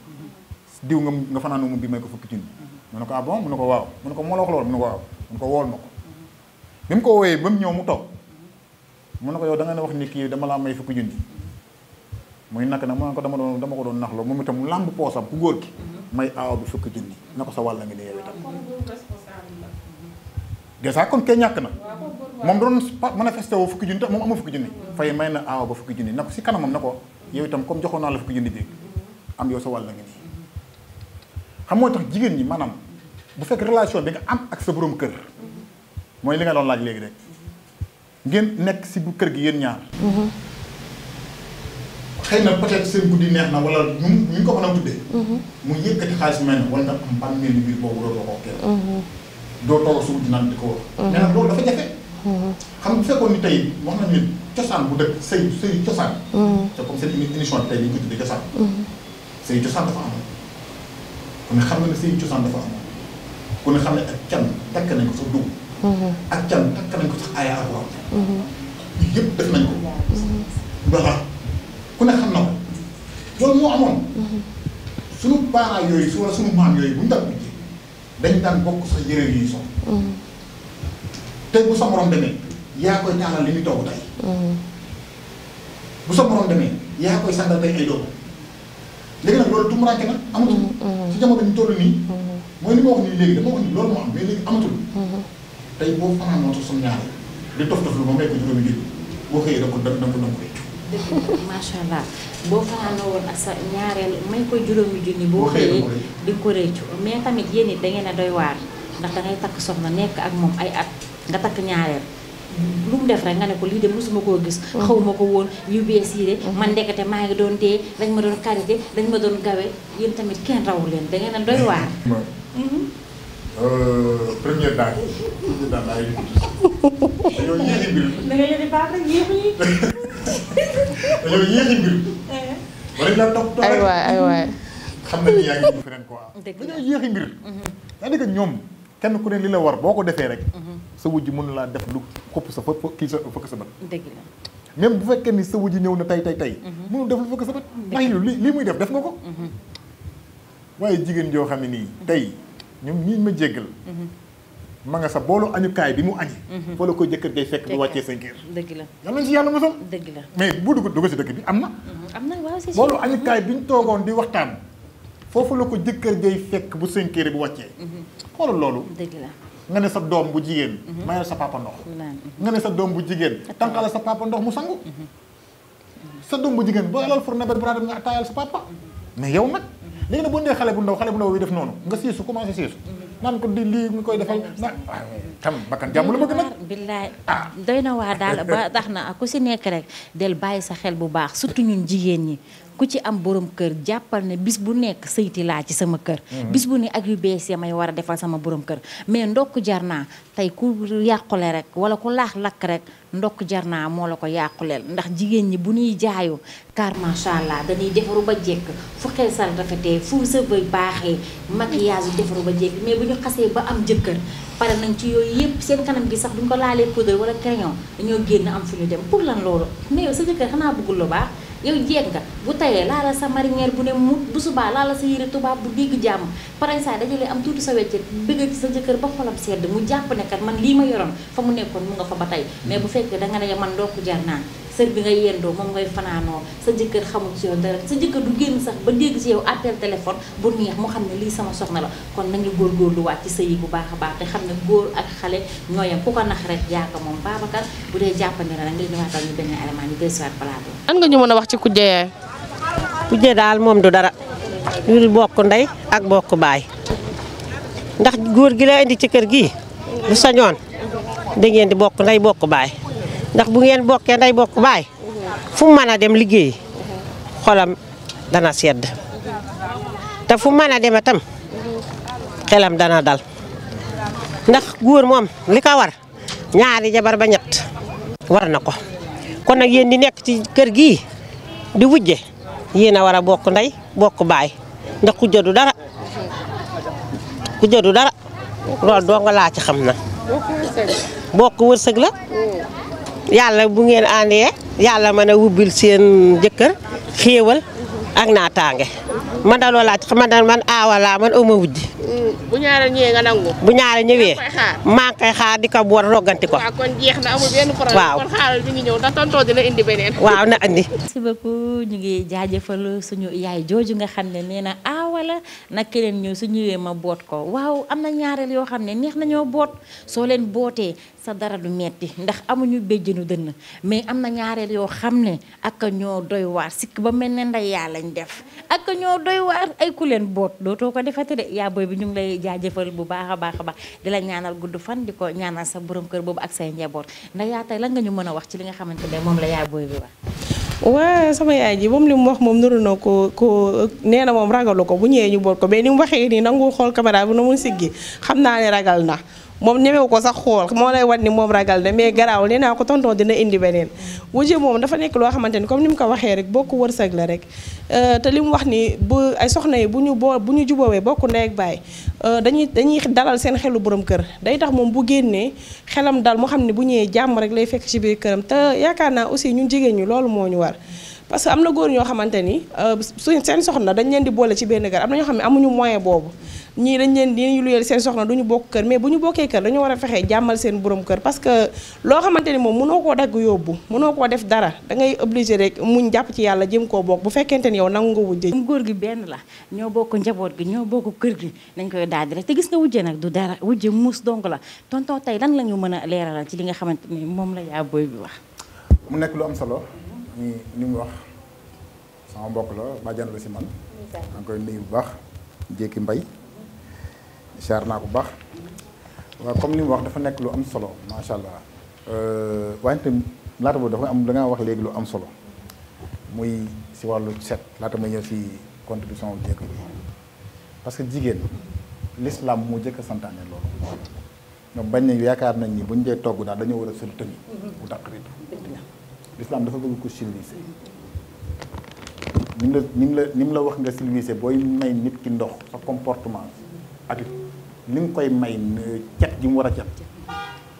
diw nga fanaanu mu bi may ko fukki junni mu ne ko ah bon mu ne ko waaw mu ne ko moo la wax loolu mu ne ko waaw mu ne ko wool ma ko bi mu ko wooyee ba mu ñëw mu toog mu ne ko yow da ne wax ni kii dama laa may fukki junni muy nak na mu ne ko dama doon dama ko doon naxloo moom itam mu làmb poosam ku góor gi may aaw bi fukki junni na dèjà kon kay ñàkk na moom doon manifesté woo fukki junni tax moom ama fukki junni fay may na aawa ba fukki junni na si kanamam na ko yow itam comme joxoon naa la fukki junni jéeg am yow sa wàll nga tax jigéen ñi maanaam bu fekk relation bi nga am ak sa borom kër mooy li nga laaj léegi rek ngeen nekk si bu kër gi yéen ñaar mhm. xëy na peut-être seen guddi neex na wala ñu ñu ngi ko mën tuddee mhm. mu yëkkati xaalis may na wala nga am ban mel ni biir boobu dootoo ko kenn mhm. doo toog suuf di naan di ko wax. Mhm. mais nag loolu dafa jafe. Mhm. xam bu fekkoon ni tey wax nañu ne cosaan bu dëkk sëy sëy cosaan. Mhm. te comme seen émission bi tey ñu ngi ko tuddee cosaan. sëy cosaan dafa amoon. ku ne xam nga ne sëy cosaan dafa amoon. ku ne xam ne ak can takk nañ ko sax dugg. ak can takk nañ ko sax aaya ak waaw. yëpp def nañ ko. voilà ku ne xam na ko loolu moo amoon. sunu baaraay yooyu wala sunu maam yooyu bu ñu dañ daan bokk sax yëre yi so tey bu sa morom demee yaa koy taalal li muy togg tey mm-hmm. bu sa morom demee yaa koy sàndal tey ay doom léegi nag loolu tumuraanke na amatul si mm-hmm. jamono ñu toll nii mm-hmm. mooy li ma wax nii léegi dama wax nii loolu moo am mais léegi amatul tey boo fanaanoon sax suñu ñaare di tof tof lu ma may ko juróomi nit boo xëyee da ko da ko da ko boo fanaanoo woon ak sa ñaareel may ko juróomi junni boo xëyee di ko réccu mais tamit yéen it da ngeen a doy waar ndax dangay takk soxna nekk ak moom ay at nga takk ñaareel lu def rek nga ne ko lii de mosuma koo gis mm. xaw ma ko woon yu bees siire mm-hmm. man ndekete maa ngi doon dee dañ ma doon karité dañ ma doon gawe yéen tamit kenn rawu leen da ngeen a doy waar yow yéex i mbir. Eh. wala ñu daan topp ay waay ay waay xam na ni yaa ngi dugg feneen quoi. dëgg la dañoo yéexi mbir. Mhm. c'est-à-dire ñoom kenn ku ne li la war boo ko defee rek. Mhm. sa wujj mën laa def lu xëpp sa fëpp kii sa fëkk sa bët. bu fekkee ni sa ji ñëw na tey tey tey. Mhm. mënul def lu fëkk sa bët. ndax li lii muy def def nga ko. waaye jigéen joo xam ne nii tey ñoom ñii ma jéggal. ma nga sa boolu añukaay bi mu añi mhm. fa la ko jëkkër gay fekk bu wàccee seen kër dëgg la yàlla nañ si mais bu dugg dugg si dëkk bi am na mhm. am na waaw si añukaay bi ñu toogoon di waxtaan foofu la ko jëkkër gay fekk bu seen kër bu wàccee mhm. xoolal loolu dëgg la nga ne sa doom bu jigéen mayal sa papa ndox nga ne sa doom bu jigéen tànqalal sa papa ndox mu sangu sa doom bu jigéen boo alal fur nawet bu raa dem nga attaayal sa papa mais yow nag léegi nag boo xale bu ndaw xale bu ndaw bi def noonu nga siisu commencé siisu naan ko di lii mu koy defal na tam bakkan jàmm ah. doy na waa daal ba tax na ku si nekk rek del bàyyi sa xel bu baax surtout ñun jigéen ñi ku ci am borom kër jàppal ne bis bu nekk sëyti laa ci sama kër mhm. bis bu ni ak yu bees ya may war a defal sama borom kër mais ndokk jar naa tey ku yàqule rek wala ku laax lakk rek ndokk jar naa moo la ko yàquleel ndax jigéen ñi bu ñuy jaayu car macha allah dañuy defaru ba jekk fu xeesal rafetee fu sa bëy baaxee maquillage defaru ba jekk mais bu ñu xasee ba am jëkkër pare nañ ci yooyu yëpp seen kanam gi sax duñ ko laalee poudre wala crayon dañoo génn am fu ñu dem pour lan baax yow jeeg nga bu tayee laa la sa marinière bu ne mu bu subaa laa la sa yére tubaab bu digg jàmm pare saa dajalee am tuuti sa weccet bëgg ci sa jëkkër ba xolam sedd mu jàpp ne kat man lii ma yoroon fa mu nekkoon mu nga fa ba tey mais bu fekkee da nga ne man ndokku jar sër bi nga yendoo moom ngay fanaanoo sa jëkkër xamul ci yow dara sa jëkkër du génn sax ba dégg ci yow appel téléphone bu neex mu xam ne lii sama soxna la kon nañu góorgóorluwaat ci sëy yi bu baax a baax te xam ne góor ak xale ñoo yem ku ko nax rek yaa ko moom Babacar bu dee jàppandi la nag ngay ñëwaatal ñu benn élément ñu dellusiwaat plateau lan nga ñu mën a wax ci kujje yaay kujje daal moom du dara lu bokk ndey ak bokk baay ndax góor gi la indi ci kër gi bu sañoon da ngeen di bokk ndey bokk baay ndax bu ngeen bokkee nday bokk baay fu mën a dem liggéey xolam dana sedd te fu mën a dem itam xelam dana dal ndax góor moom li ko war ñaari jabar ba ñett war na ko kon nag yéen di nekk ci kër gi di wujje yéen a war a bokk ndey bokk baay ndax ku jëdu dara ku jëdu dara loolu doo nga laa ci xam na bokk wërsëg la yàlla bu ngeen àndee yàlla man a wubbil seen jëkkër xéewal ak naataange man da laaj man da man aawa man aw ma mm, bu ñaareel ñëwee bu ñaareel ñëwee maa ngi koy xaar di ko boor ko. waaw kon jeex na indi beneen. waaw na indi. merci beaucoup ñu ngi jaajëfal suñu yaay jooju nga xam ne nee na aawa la keneen ñëw su ñëwee ma boot ko waaw am na ñaareel yoo xam ne neex nañoo boot soo leen bootee sa dara du metti ndax amuñu béjjënu dënn mais am na ñaareel yoo xam ne ak ñoo doy waar sikk ba mel ne ndey yaa lañ def ak ñoo doy waar ay ku leen boot dootoo ko defati de bi ñu ngi lay jaajëfal bu baax a baax a baax ñaanal gudd fan di ko ñaanal sa borom kër boobu ak say njaboot ndax yaa tey la nga ñu mën a wax ci li nga xamante ne moom la yaa booy bi wax waa sama yaay ji moom li mu wax moom nuru na ko ko nee na moom ragalu ko bu ñëwee ñu boot ko mais ni mu waxee nii nangu xool caméra bi na mu siggi xam naa ne ragal na moom ñemewu ko sax xool moo lay wan ni moom ragal na mais garaaw nee naa ko tonton dina indi beneen wujje moom dafa nekk loo xamante ni comme ni mu ko waxee rek bokk wërsëg la rek euh, te li mu wax ni bu ay soxna yi bu ñu boo bu ñu juboowee bokk ndey ak baay euh, dañuy dañuy dalal seen xelu borom kër day tax moom bu génnee xelam dal mu xam ne bu ñëwee jàmm rek lay fekk ci biir këram te yaakaar naa aussi ñun jigéen ñi loolu moo ñu war parce que am na góor ñoo xamante ni euh, suñ seen soxna dañ leen di boole ci benn kër am na ñoo xam ne amuñu moyen boobu ñii dañ leen di luyeel seen soxna duñu bokk kër mais bu ñu bokkee kër dañu war a fexe borom kër parce que loo xamante ni moom mënoo koo dagg yóbbu mënoo koo def dara da ngay rek muñ jàpp ci yàlla jëm koo bokk bu fekkente ni yow nangu nga góor gi benn la ñoo bokk njaboot gi ñoo bokk kër gi dañ koy daal rek te gis nga wujje nag du dara wujje muus donc la tonton tey lan la ñu mën a leeralal ci li nga xamante ni moom la yaa booy bi wax mu nekk lu am solo ni ni mu wax sama mbokk la bàjjan la si man maa koy nuyu bu baax jékki mbay siyaar naa bu baax waa comme li mu wax dafa nekk lu am solo macha allah euh, wante laata boobu dafa am da ngaa wax léegi lu am solo muy si wàllu set laata ma ñëw si contribution bu jékki parce que jigéen l'islam moo jëkk a santaane loolu bañ nañ yaakaar nañ ni buñ dee togg daal dañoo war a sol tënk bu daq riitu l'islam dafa bëgg ko civilisé ni la ni mu la nim la wax nga civilisé booy may nit ki ndox sa comportement ak li koy may cet ji mu war a cet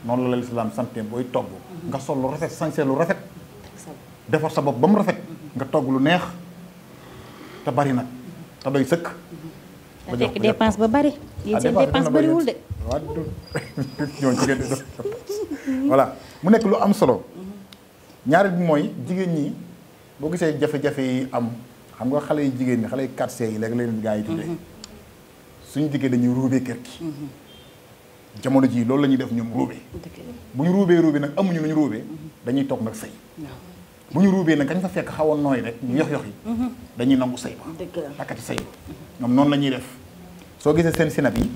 noonu la la l'islam santé booy togg nga sol lu rafet see lu rafet defar sa bopp ba mu rafet nga togg lu neex te bari nag te doy sëkk ba fekk dépense ba bari ah, yéen seen dépense bariwul de waaw ñooñu ci voilà mu nekk lu am solo ñaareel bi mooy jigéen ñi boo gisee jafe-jafe yi am xam nga xale yu jigéen ñi xale yu quartier yi léegi leen gaa yi tuddee mm-hmm. suñu jigéen dañuy ruubee kër gi mm-hmm. jamono jii loolu lañuy def ñoom ruubee bu ñu ruubee ruubee nag amuñu lu ruubee mm-hmm. dañuy toog nag sëy bu ñu ruubee nag kañ fa fekk xaw a nooy rek ñu yox yox yi dañuy nangu sëy ba takkati sëy ba ñoom noonu la ñuy def soo gisee seen sinab yi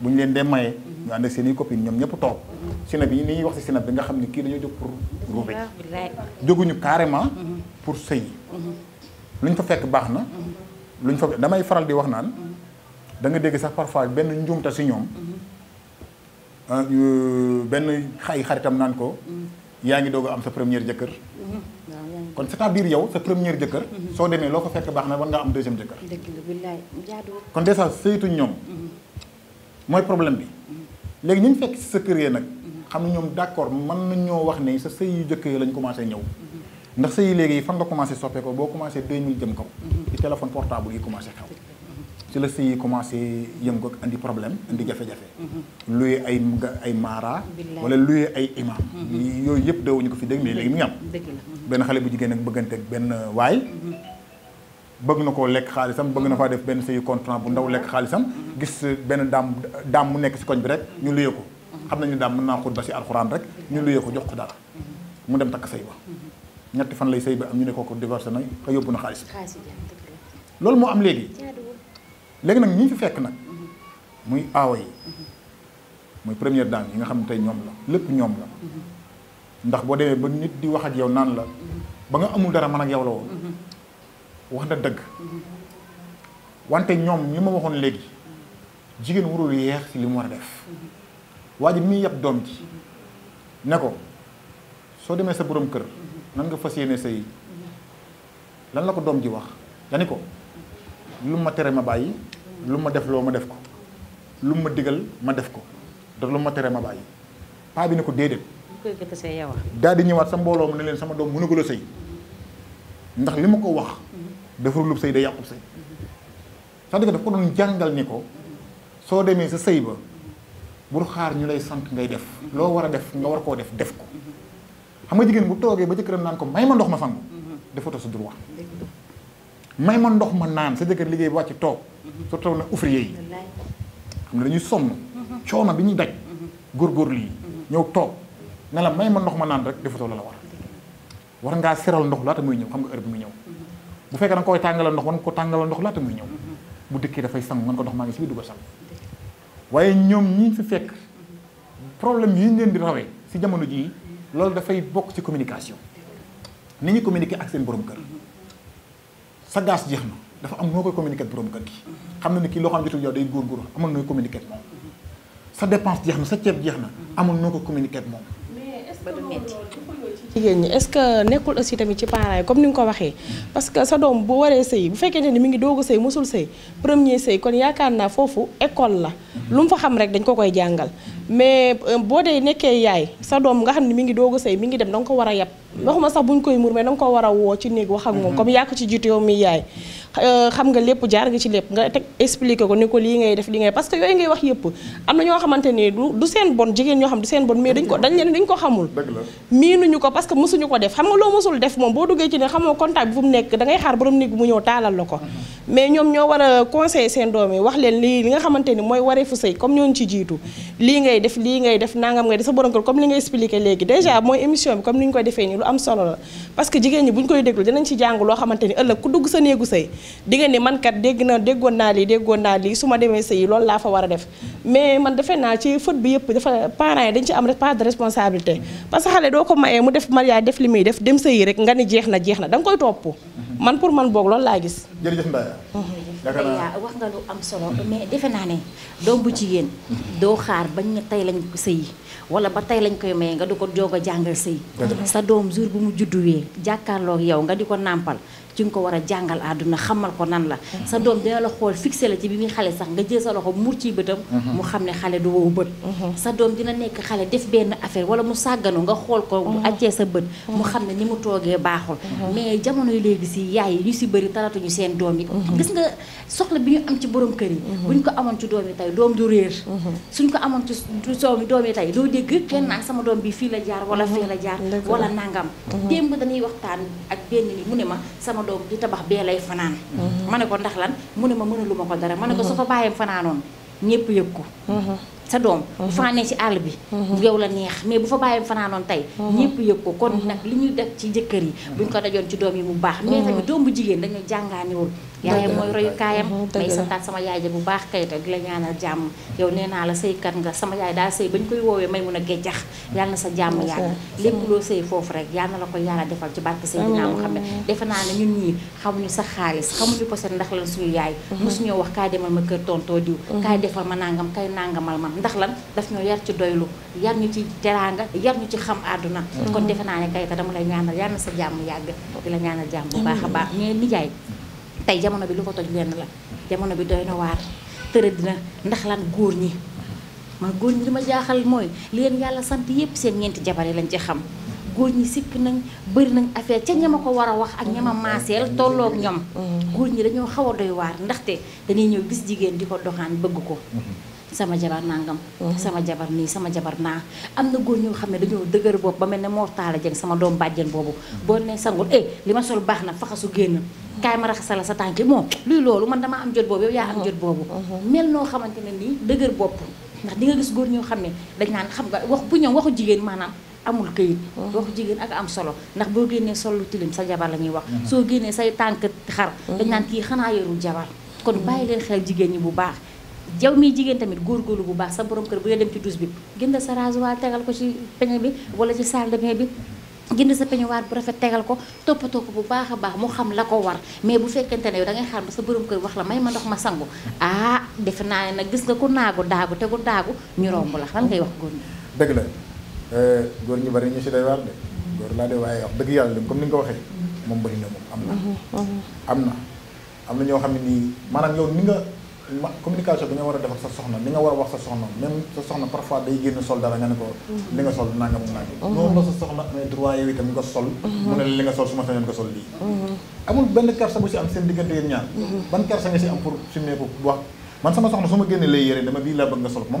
bu ñu leen dee mayee ñu ànd ak seen i copines ñoom ñëpp toog sinab yi ni ñuy wax si sinab bi nga xam ne kii dañoo jóg pour ruube ah, jóguñu carrément mm-hmm. pour sëy mm-hmm. lu ñu fa fekk baax na mm-hmm. lu ñu fa damay faral di wax naan da nga dégg sax parfois benn njuumta si ñoom ah, benn xay xaritam naan ko yaa ngi doog a am sa première jëkkër kon c'est-à-dire yow sa première jëkkër soo demee loo ko fekk baax na war ngaa am deuxième jëkkër kon déjà saytu ñoom mooy problème bi léegi ñu fekk si sa kër yi nag xam ne ñoom d'accord mën nañ ñoo wax ne sa sëy yu jëkk yi lañ commencé ñëw ndax sëy yi léegi fan la commencé soppee ko boo commencé 2000 jëm kaw ci téléphone portable yi ci la sëy yi commencé yëngu ak andi problème andi jafe-jafe luy ay ay maara wala luy ay imam mhm. yooyu yëpp dawuñu ko fi dégg mais léegi mi ngi am benn xale bu jigéen ak bëggante ak benn waay mhm. bëgg na koo lekk xaalisam bëgg na faa def benn sëyu contrat bu ndaw lekk xaalisam gis benn daam daam mu nekk si koñ bi rek ñu luye ko xam nañu daam mën naa xut ba si alxuraan rek ñu luye ko jox ko dara mu dem takk sëy ba ñetti fan lay sëy ba am ñu ne kooku divorcé na ka yóbbu na xaalis loolu moo am léegi léegi nag ñi fi fekk nag mhm. muy aawa yi mhm. muy première dame yi nga xam ne tey ñoom la lépp ñoom la mhm. ndax boo demee ba nit di wax ak yow naan la ba nga amul dara man ak yow la woon wax na dëgg wante ñoom li ma waxoon léegi jigéen warul yeex ci li mu war a def waa ji mii yab doom ji ne ko soo demee sa boroom kër nan nga fas yéene say lan la ko doom ji wax dani ko lu ma tere ma bàyyi lu ma def loo ma def ko lu ma digal ma def ko da lu ma tere ma bàyyi paa bi ne ko déedéet daal di ñëwaat sa mbooloo mu ne leen sama doom mënu ko la sëy ndax li ma ko wax defarulub sëy day yàqub sëy cest à que daf ko doon jàngal ni ko soo demee sa sëy ba bul xaar ñu lay sant ngay def loo war a def nga war koo def def ko xam nga jigéen bu toogee ba jëkkëram naan ko may ma ndox ma sangu defatoo sa droit may ma ndox ma naan sa jëkkër liggéey ba wàcc toog surtout na ouvrier yi xam ne dañuy sonn coono bi ñuy daj góorgóorlu yi ñëw toog ne la may ma ndox ma naan rek defatoo la la war war ngaa seral ndox laata mooy ñëw xam nga heure bi mu ñëw mm-hmm. bu fekkee da nga koy tàngalal ndox war nga ko tàngalal ndox laata muy ñëw bu dëkkee dafay sang nga ko ndox maa ngi si biir du ko waaye ñoom ñi fi fekk problème yi ñu leen di rawee si jamono jii loolu dafay bokk ci communication ni ñu communiquer ak seen borom kër sa gaz jeex na dafa am noo koy communiquer ak borom kër gi xam na ni kii loo xam jotul yow day góor góor amul nooy communiquer ak moom jeex na sa ceeb jeex na amul noo ko moom ba du metti jigéen ñi est-ce que nekkul aussi tamit ci parents comme ni nga ko waxee parce que sa doom bu waree sëy bu fekkee ne mi ngi doog a sëy mosul sëy premier sëy kon yaakaar naa foofu école la lu mu fa xam rek dañ ko koy jàngal mais euh, boo dee nekkee yaay sa doom nga xam ni mi ngi doog a sëy mi ngi dem da nga ko war a yab waxuma sax buñ koy mur mais da ko war a woo ci néeg wax ak moom mm-hmm. comme yaa ko ci jiitu yow yaay Euh, xam nga lépp jaar nga ci lépp nga teg expliqué ko ni ko lii ngay def li ngay parce que yooyu ngay wax yëpp am na ñoo xamante ni du du seen bon jigéen ñoo xam du seen bon leen dañ ko xamul miinuñu ko parce que mosuñu ko def xam nga loo mosul def moom boo duggee ci ne xamoo contact bi fu mu nekk da ngay a conseiller mooy def sa borom comme li nga expliqué léegi déjà mooy émission bi comme ni ñu koy defee nii lu am solo la jigéen ñi bu ñu koy déglu dinañ ci jàng loo xamante ni ëllëg ku dugg sa néegu sëy di nga ne man dégg na déggoon naa lii déggoon naa lii su ma demee yi loolu laa fa war a def mais man defe naa ci fët bi yëpp dafa parents yi dañ ci am part de responsabilité parce que xale doo ko mayee mu def mariage def li muy def dem sëyi rek nga ni jeex na jeex na danga koy topp man pour man boog loolu laa gis jërëjëf Ndaya yaa wax nga lu am solo mais defe naa ne doom bu jigéen doo xaar bañ ne tey lañ ko yi wala ba tey lañ koy mayee nga di ko joog a jàngal sëy sa doom jour bu mu judduwee jàkkaarloog yow nga di ko nàmpal ci nga ko war a jàngal àdduna xamal ko nan la mm-hmm. sa doom dina la xool fixé la ci bi muy xale sax nga jël sa loxo mur ciy bëtam mm-hmm. mu xam ne xale du wow bët mm-hmm. sa doom dina nekk xale def benn affaire wala mu sàgganu nga xool ko mu accee sa bët mu xam ne ni mu toogee baaxul mais jamono yu léegi si yaay yi si bëri taratuñu seen doom yi gis nga soxla bi ñu am kër yi buñ ko amoon ci doom yi tey doom du réer suñ ko amoon ci soomi doom yi tey doo dégg kenn naan sama doom bi fii la jaar wala fii la jaar wala nangam démb dañuy waxtaan ak benn ni mu ne ma sama doom di tabax bee lay fanaan mm-hmm. ma ne ko ndax lan mu ne ma mën lu ma ko dara ma ne ko mm-hmm. su fa bàyyem fanaanoon ñëpp yëg ko mm-hmm. sa doom bu fanaanee ci àll bi yow la neex mais bu fa bàyyem fanaanoon tey ñëpp yëg ko kon nag li ñuy def ci jëkkër yi buñ ko dajoon ci doom yi bu baax mais tamit doom bu jigéen dañoo jàngaaniwul yaayam mooy royukaayam may santaat sama yaay bu baax kay te di la ñaanal jàmm yow nee naa la sëykat nga sama yaay daal sëy bañ koy woowee may mun a géjax yàlla na sa jàmm yàgg lépp loo sëy foofu rek yàlla na la ko yàlla defal ci barke Seydina Muhammad defe naa ne ñun ñii xamuñu sa xaalis xamuñu ko seen ndax lan suñu yaay mosuñoo wax kaay demal ma kër tontoo diw kaay defal ma nangam kay nangamal ma ndax lan daf ñoo yar ci doylu yar ñu ci teraanga yar ñu ci xam àdduna kon defe naa ne kay dama lay ñaanal yàlla na sa jàmm yàgg di la ñaanal jàmm bu baax a baax mais nijaay tey jamono bi lu ko toj lenn la jamono bi doy na waar tërë dina ndax lan góor ñi man góor ñi li ma jaaxal mooy li leen yàlla sant yépp seen ñeenti jabar yi lañ ci xam góor ñi sikk nañ bëri nañ affaire ca ñama ko war a wax ak ñama maaseel tollook ñoom góor ñi dañoo xaw a doy waar ndaxte dañuy ñëw gis jigéen di ko doxaan bëgg ko sama jabar nangam sama jabar nii sama jabar naa am na góor ñoo xam ne dañoo dëgër bopp ba mel ne Mor Talla Dieng sama doom bàjjen boobu boo ne sangul eh li ma sol baax na faxasu génn kaay ma raxasal sa tànk moo moom luy loolu man dama am jot boobu yow yaa am jot boobu uh-huh. Uh-huh. mel noo xamante ne nii dëgër bopp ndax di nga gis góor ñoo xam ne dañ naan xam nga wax bu ñoom waxu jigéen maanaam amul këyit uh-huh. waxu jigéen ak am solo ndax boo génnee solo lu tilim sa jabar la ñuy wax soo génnee say tànk xar dañ naan kii xanaa yorul jabar kon bàyyi leen xel jigéen ñi bu baax jaw mi jigéen tamit góor góorgóorlu bu baax sa boroom kër bu ngay dem ci douche bi gënda sa rasoir ko ci peñe bi wala ci salle de bain bi jënd sa peñuwaar bu rafet tegal ko toppatoo ko bu baax a baax mu xam la ko war mais bu fekkente ne yow da ngay xaar ba sa borom kër wax la may ma ndox ma sangu ah defe naa ne nag gis nga ko naagu daagu te ku daagu ñu romb la lan ngay wax góor ñi. dëgg la euh, góor ñu bari ñu si day waar de góor laa de waaye wax dëgg yàlla comme ni nga waxee moom bari na moom am na. Mhm, mhm. am na am na ñoo xam ne nii maanaam yow ni nga. ma communication bi nga war a def sa soxna li nga war a wax sa soxna même sa soxna parfois day génn sol dara nga ne ko mm-hmm. li nga sol nangam mm-hmm. nga sol mm-hmm. mu ne li nga sol su nga sol moom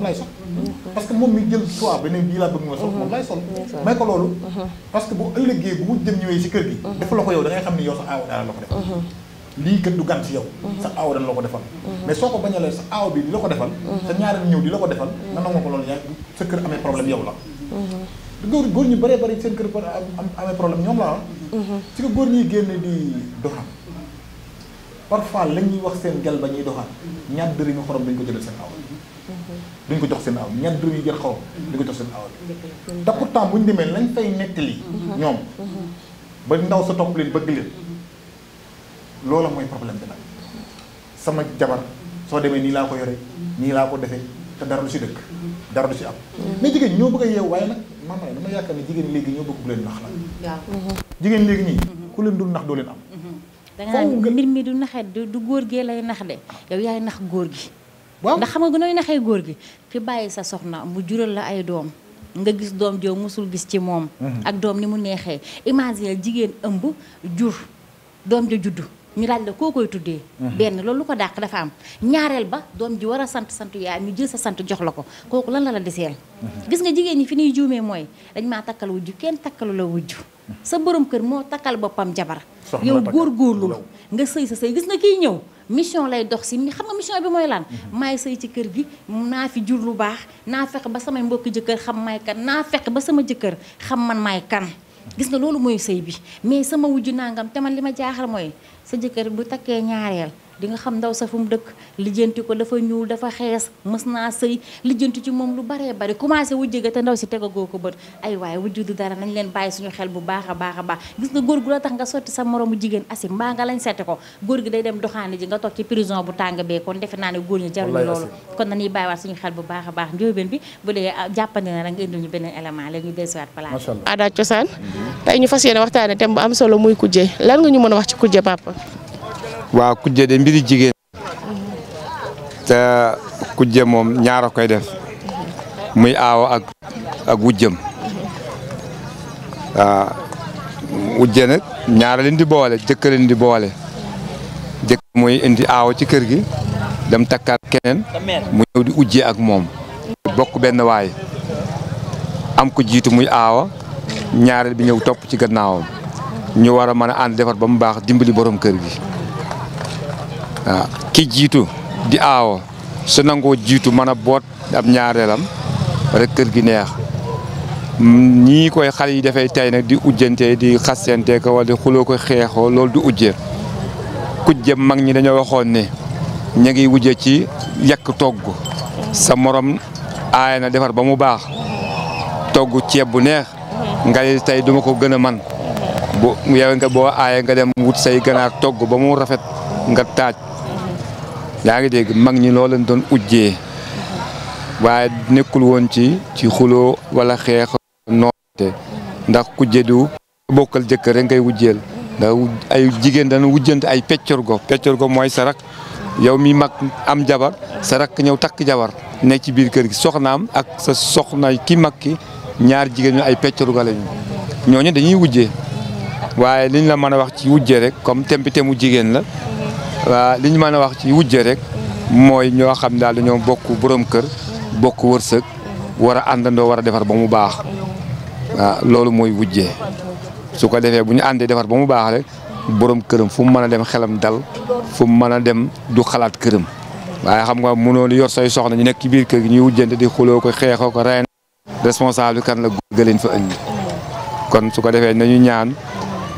lay sol parce que moom mi jël choix bi ne bii laa bëgg nga sol moom lay sol may ko loolu parce que bu ëllëgee bu jëm ñëwee si kër gi dafa la ko yow da xam ne yow sa aaw ah, daala la ko def lii kat du gan ci yow mhm. sa aaw dañ la ko defal mhm. mais soo ko bañalee sa aaw bi di la ko defal mhm. sa ñaareel ñëw di la ko defal nga nangu ko loolu yaa sa kër amee problème yow la góor góor ñu bëree bëri seen kër amee problème ñoom la si ah. ko góor ñuy génne di doxaan parfois la ñuy wax seen gel ba ñuy doxaan ñaar dërëmi xorom dañ ko jëlee seen aaw duñ ko jox seen aaw ñaar dërëm yi jël xorom duñ ko jox seen aaw te pourtant ñu demee lañ fay nettali ñoom ba ndaw sa topp leen bëgg leen loola mooy problème bi nag sama jabar soo demee nii laa ko yore nii laa ko defee te dara du si dëkk dara du si am mais jigéen ñoo bëgg a yeew waaye nag maam dama yaakaar ne jigéen léegi ñoo bëgg ku leen nax jigéen léegi ñii mhm. ku leen dul nax doo leen am da nga mbir mi du naxee du góor gee lay nax de yow yaay nax góor gi waaw ndax xam nga nooy naxee góor gi ki bàyyi sa soxna mu jural la ay doom nga gis doom joo musul gis ci moom mhm. ak doom ni mu neexee imagine jigéen ëmb jur doom ja juddu ñu daaj la koo koy tuddee mhm. benn loolu lu ko dàq dafa am ñaareel ba doom ji war a sant sant yaay ñu jël sa sant jox la ko kooku lan la la deseel mhm. gis nga jigéen ñi fi ñuy juumee mooy dañ maa takkal wujju kenn takkalu la mhm. sa borom kër moo takkal boppam jabar yow góorgóorlul nga sëy sa sëy gis nga kiy ñëw mission lay dox si xam nga mission bi mooy lan maay sëy ci kër gi naa fi jur lu baax naa fexe ba samay mbokki jëkkër xam maay kan naa fekk ba sama jëkkër xam man maay kan gis nga loolu mooy sëy bi mais sama wujju nangam te man li ma jaaxal mooy sa jëkkër bu takkee ñaareel di nga xam ndaw sa fu mu dëkk lijjanti ko dafa ñuul dafa xees mës naa sëy lijjanti ci moom lu baree bari commencé wu ga te ndaw si tegagoo ko bët ay waaye wujju du dara nañ leen bàyyi suñu xel bu baax a baax a baax gis nga góor gu la tax nga sotti sa moromu jigéen asi mbaa nga lañ seeti ko gi day dem doxaani ji nga toog ci prison bu tàng bee kon defe ne góor ñi jaruñu loolu kon nañuy bàyyiwaat suñu xel bu baax a baax njóobeen bi bu dee ah, jàppandi na rek nga indil ñu beneen élément léegi ñu dellusiwaat place aada cosaan tey ñu fas yéene waxtaane thème bu am solo muy kujje lan nga ñu mën a wax ci kujje papa waaw kujje de mbiri jigéen te kujje moom ñaar koy def muy aawa ak ak wujjëm waaw wujje nag ñaara leen di boole jëkk leen di boole jëkk muy indi aawa ci kër gi dem takkaat keneen mu ñëw di ujje ak moom bokk benn waay am ko jiitu muy aawa ñaareel bi ñëw topp ci gannaawam ñu war a mën a defar ba mu baax dimbali borom kër gi waaw ah. ki jiitu di aawo su nangoo jiitu mana boot am ñaareelam rek kër gi neex ñii koy xal yi dafay tey nag di ujjante di xasante ko wala di xuloo ko xeexoo loolu du ujje kujje mag ñi dañoo waxoon ne ña ngi wujje ci yàq togg sa morom aaya na defar ba mu baax togg ceeb bu neex nga tey duma ko gën a man bu boo aaya nga dem wut say ganaar togg ba mu rafet nga taaj yaa ngi dégg mag ñi loo leen doon ujjee waaye nekkul woon ci ci xuloo walla xeex noote ndax kujje du bokkal jëkkër rek ngay wujjeel ndax ay jigéen dana wujjante ay peccorgo peccorgo mooy sa yow mi mag am jabar sarak ñëw takk jabar nekk ci biir kër gi soxnaam ak sa soxna ki mag ki ñaar jigéen ay peccorgo lañu ñooñu dañuy wujjee waaye liñ la mën a wax ci wujjee rek comme tempi temu jigéen la waaw li ñu mën a wax ci wujje rek mooy ñoo xam daal ñoo bokk boroom kër bokk wërsëg war a àndandoo war a defar ba mu baax waaw loolu mooy wujje su ko defee bu ñu àndee defar ba mu baax rek boroom këram fu mu mën a dem xelam dal fu mu mën a dem du xalaat këram waaye xam nga mënoo di yor say soxna ñu nekk ci kër gi ñuy wujjante di xuloo ko xeexoo ko reen responsable kan la góor ga leen fa indi kon su ko defee nañu ñaan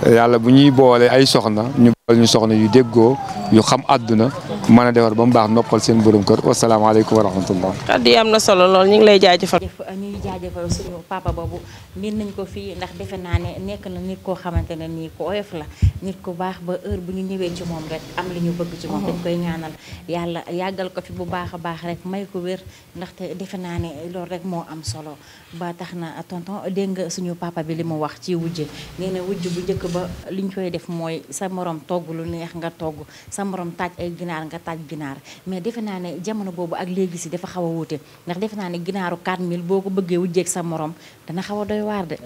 yàlla bu ñuy boole ay soxna ñu wal ñu soxna yu déggoo yu xam àdduna mën a defar ba mu baax noppal seen borom kër wasalaamaaleykum wa rahmatullah kaddu yi am na solo lool ñu ngi lay jaajëfal ñu ngi jaajëfal suñu papa boobu nit nañ ko fii ndax defe naa ne nekk na nit koo xamante ne nii ku oyof la nit ko baax ba heure bu ñu ñëwee ci moom rek am li ñu bëgg ci moom dañ koy ñaanal yàlla yàggal ko fi bu baax a baax rek may ko wér ndaxte defe naa ne loolu rek moo am solo ba tax na tonton dégg nga suñu papa bi li mu wax ci wujje nee na wujj bu njëkk ba liñ koy def mooy sa moroom morom togg lu neex nga togg sa morom taaj ay ginaar nga taaj ginaar mais defe naa ne jamono boobu ak léegi si dafa xaw a wuute ndax defe naa ne ginaaru 4000 boo ko bëggee wujjeeg sa morom dana xaw a doy waar de.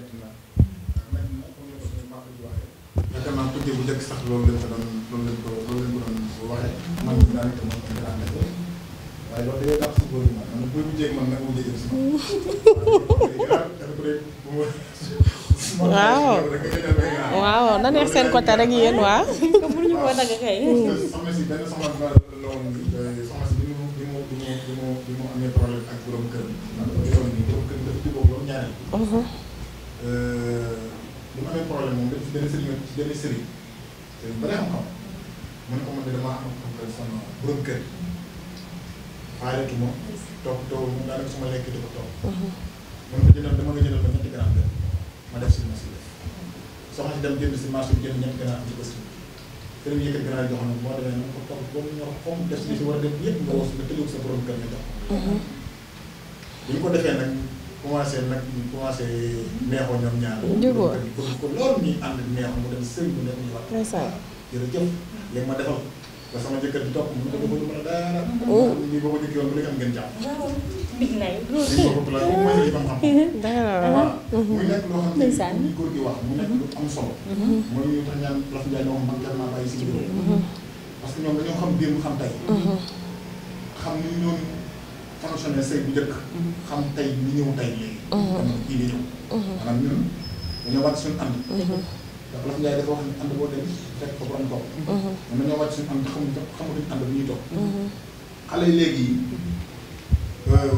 waaw waaw na neex seen côté rek yéen waaw. mënuñu mm-hmm. koo dagg kay. soxna si benn soxna la woon soxna si bi mu bi mu bi mu bi mu amee problème ak borom kër bi. ndax dafa yoroon nii borom kër bi dafa jubóog loolu ñaareel. bi mu amee problème moom dafa ci benn sëriñ ci benn sëriñ ba day xam-xam mu ne ko man de damaa am xam-xam sama borom kër bi faaletu ma toog toog mu daanaka sama lekk di ko toog. mu ne ko jëndal dama nga jëndal dem jënd si marché bi jënd ñetti ganaar ci bés bi kër gi yëkkat ganaar jox na na ko toog boobu ñor xom mhm. ko defee nag commencé nag ñu commencé ñoom ñaar jubóo ko loolu ñuy ànd neexoo mu dem sëriñ bu nekk ñu wax léegi ma defal nga sama jëkkër bi topp mu ne ko mën a daara ñu boo ko jëkkee woon bu nekk am ngeen jàmm dig nay. muy nekk loo xam ne góor gi wax mu nekk lu am solo. mooy li tax ñaan Wolof Njaay ñoo xam jar naa bàyyi si biir. parce que ñoom dañoo xam démb xam tey. xam ni ñoom fonctionné say bu njëkk. xam tey ñu ñëw tey léegi. xam kii di ñëw. maanaam ñun dañoo wàcc suñu ànd. ndax Wolof Njaay dafa wax ni ànd boo dem fekk ko borom topp. ñun dañoo wàcc suñu ànd xamuñu xamuñu ànd bi ñuy topp. xale yi léegi. Euh,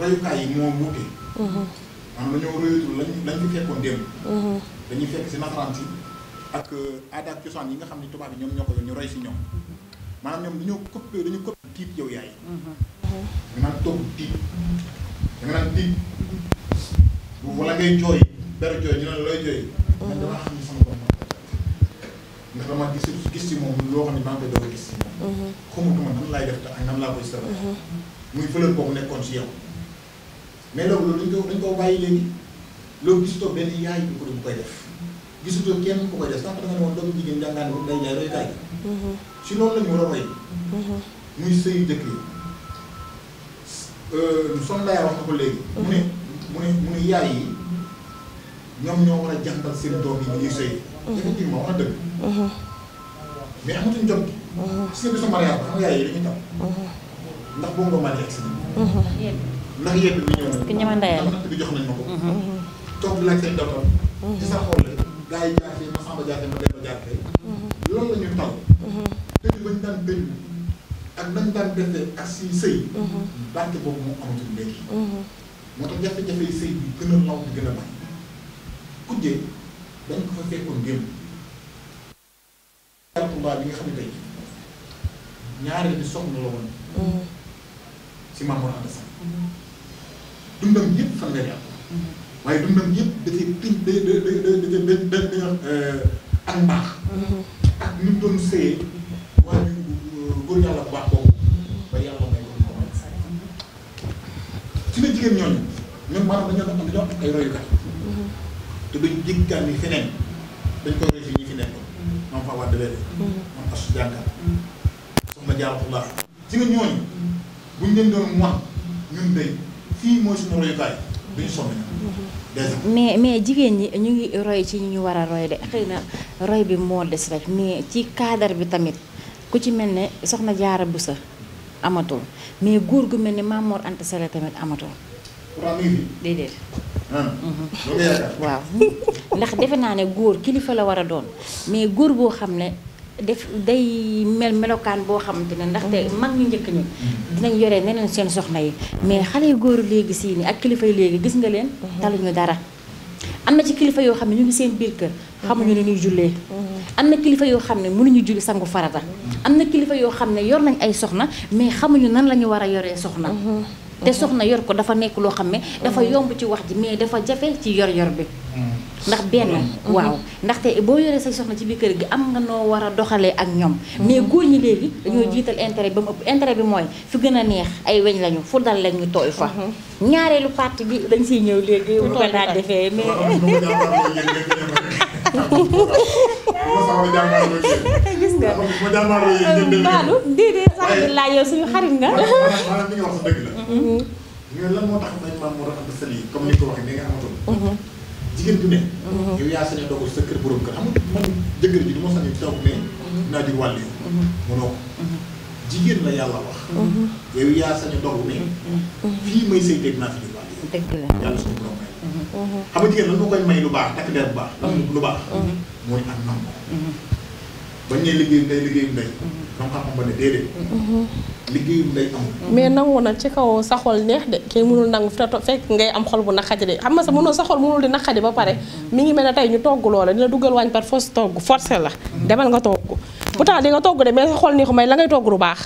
royukaay yi moo wuute. Mhm. maanaam dañoo royatul lañ fekkoon démb. Mhm. dañuy fekk si nasaraan si ak euh, aada ak cosaan yi nga xam ne tubaab yi ñoom ñoo ko yor ñu roy si ñoom maanaam ñoom dañoo coppee dañu coppee tiit yow yaay. Mhm. da nga naan toog tiit da nga naan tiit wala ngay jooy beru jooy ñu ne looy jooy. man damaa xam ne sama bopp ndax dama gis gis moom loo xam nan laay def te nan laa koy sëral. muy fleur boobu nekkoon si yow mais loolu dañ ko dañ ko bàyyi léegi loolu gisutoo benn yaay bu ko bu koy def gisutoo kenn ku koy def sànq da nga ne woon doomu jigéen jàngaan boobu day jaay roy kaay mhm. si noonu lañu war a roy mhm. muy sëyu dëkk yi euh, son layaa wax na ko léegi mu ne mu ne mu ne yaay yi ñoom ñoo war a jàngal seen doom yi ñuy sëy mhm. effectivement wax na dëgg mais amatuñ jot gis nga bisu mariage ba xam nga yaay yi dañuy ndax boobu nga mën a egsi. Mhm. ndax yéen bi ñëw na. ki ñeme ndeyale ndax jox nañ ma ko. Mhm. toog di seen dootam. Mhm. ci sa xol la gaa ma Samba jaaree la ak nañ daan defee ak si sëy. barke boobu moo moo tax jafe-jafe sëy bi gën a law gën a bari. kujjee dañ ko fekkoon démb. yàlla Tuubaa nga xam ne tey ñaareel bi soxna la woon. ci Maam Mor Anta Sali dundam yëpp fanweeri at waaye dundam yëpp da cee da da da da euh, ak doon sëyee waa ñu euh, góor yàlla bu baax boobu ba yàlla may ko moom ci la jigéen ñooñu ñoom maanaam dañoo am dañoo am ay royukaay te duñ jéggaan ni feneen dañ koy roy fi ñi fi nekk moom fa wàdd leen moom asu jàngal soxna jaaratullaa ci nga ñooñu mais mais jigéen ñi ñu ngi roy ci ñu ñu war a roy de xëy na roy bi moo des rek mais ci cadre bi tamit ku ci mel ne soxna Jaara sa amatul mais góor gu mel ni Maam Mor tamit amatul. Ah. Mhm. waaw waaw ndax defe naa ne góor kilifa la war a doon mais góor boo xam ne def day mel melokaan boo xam ne ndaxte mm-hmm. mag ñu njëkk ñi mm-hmm. dinañ yore neneen seen soxna yi mais xale yu góor léegi sii ak kilifa yi léegi gis nga leen mm-hmm. taluñu dara am na ci kilifa yoo xam ne ñu ngi seen biir kër xamuñu ne ñuy jullee am na kilifa yoo xam ne mënuñu julli sangu farata am na kilifa yoo xam ne yor nañ ay soxna mais xamuñu nan la ñu war a yoree soxna te soxna yor ko dafa nekk loo xam ne dafa mm-hmm. yomb ci wax ji mais dafa jafe ci yor-yor bi. Mm-hmm. ndax benn mm-hmm. waaw ndaxte boo yoree say soxna ci biir kër gi am nga noo war a doxalee ak ñoom mais góor ñi léegi dañoo jiital intérêt ba mu ëpp intérêt bi mooy fi gën a neex ay weñ lañu fu dal lañ ñu tooy fa ñaareelu parti bi dañ siy ñëw léegi ko daal defee mais gis nga Badou déedéet sax bi laa yow suñu xarit wax sa dëgg la. nga lan moo tax nañ maam moo comme ni ko waxee ni nga amatul. jigéen bi ne. yow yaa sañ a dogal a toog ne. naa yàlla a fii may sëy naa fi di wàll yi. dëgg la xam nga jigéen lan moo koy may lu baax takk der bu baax. lu baax. mooy ak nangu. bañ ne liggéeyum ndey liggéeyum ndey. mais nangu na ci kaw sa xol neex de kii mënul nangu fi fekk ngay am xol bu naqadi de xam nga sa mënoo sa xol mënul di naqadi ba pare mi ngi mel ne tey ñu togg loola dina dugal waañ par force togg forcé la. demal nga togg. pourtant di nga togg de mais sa xol neexu may la ngay togg lu baax.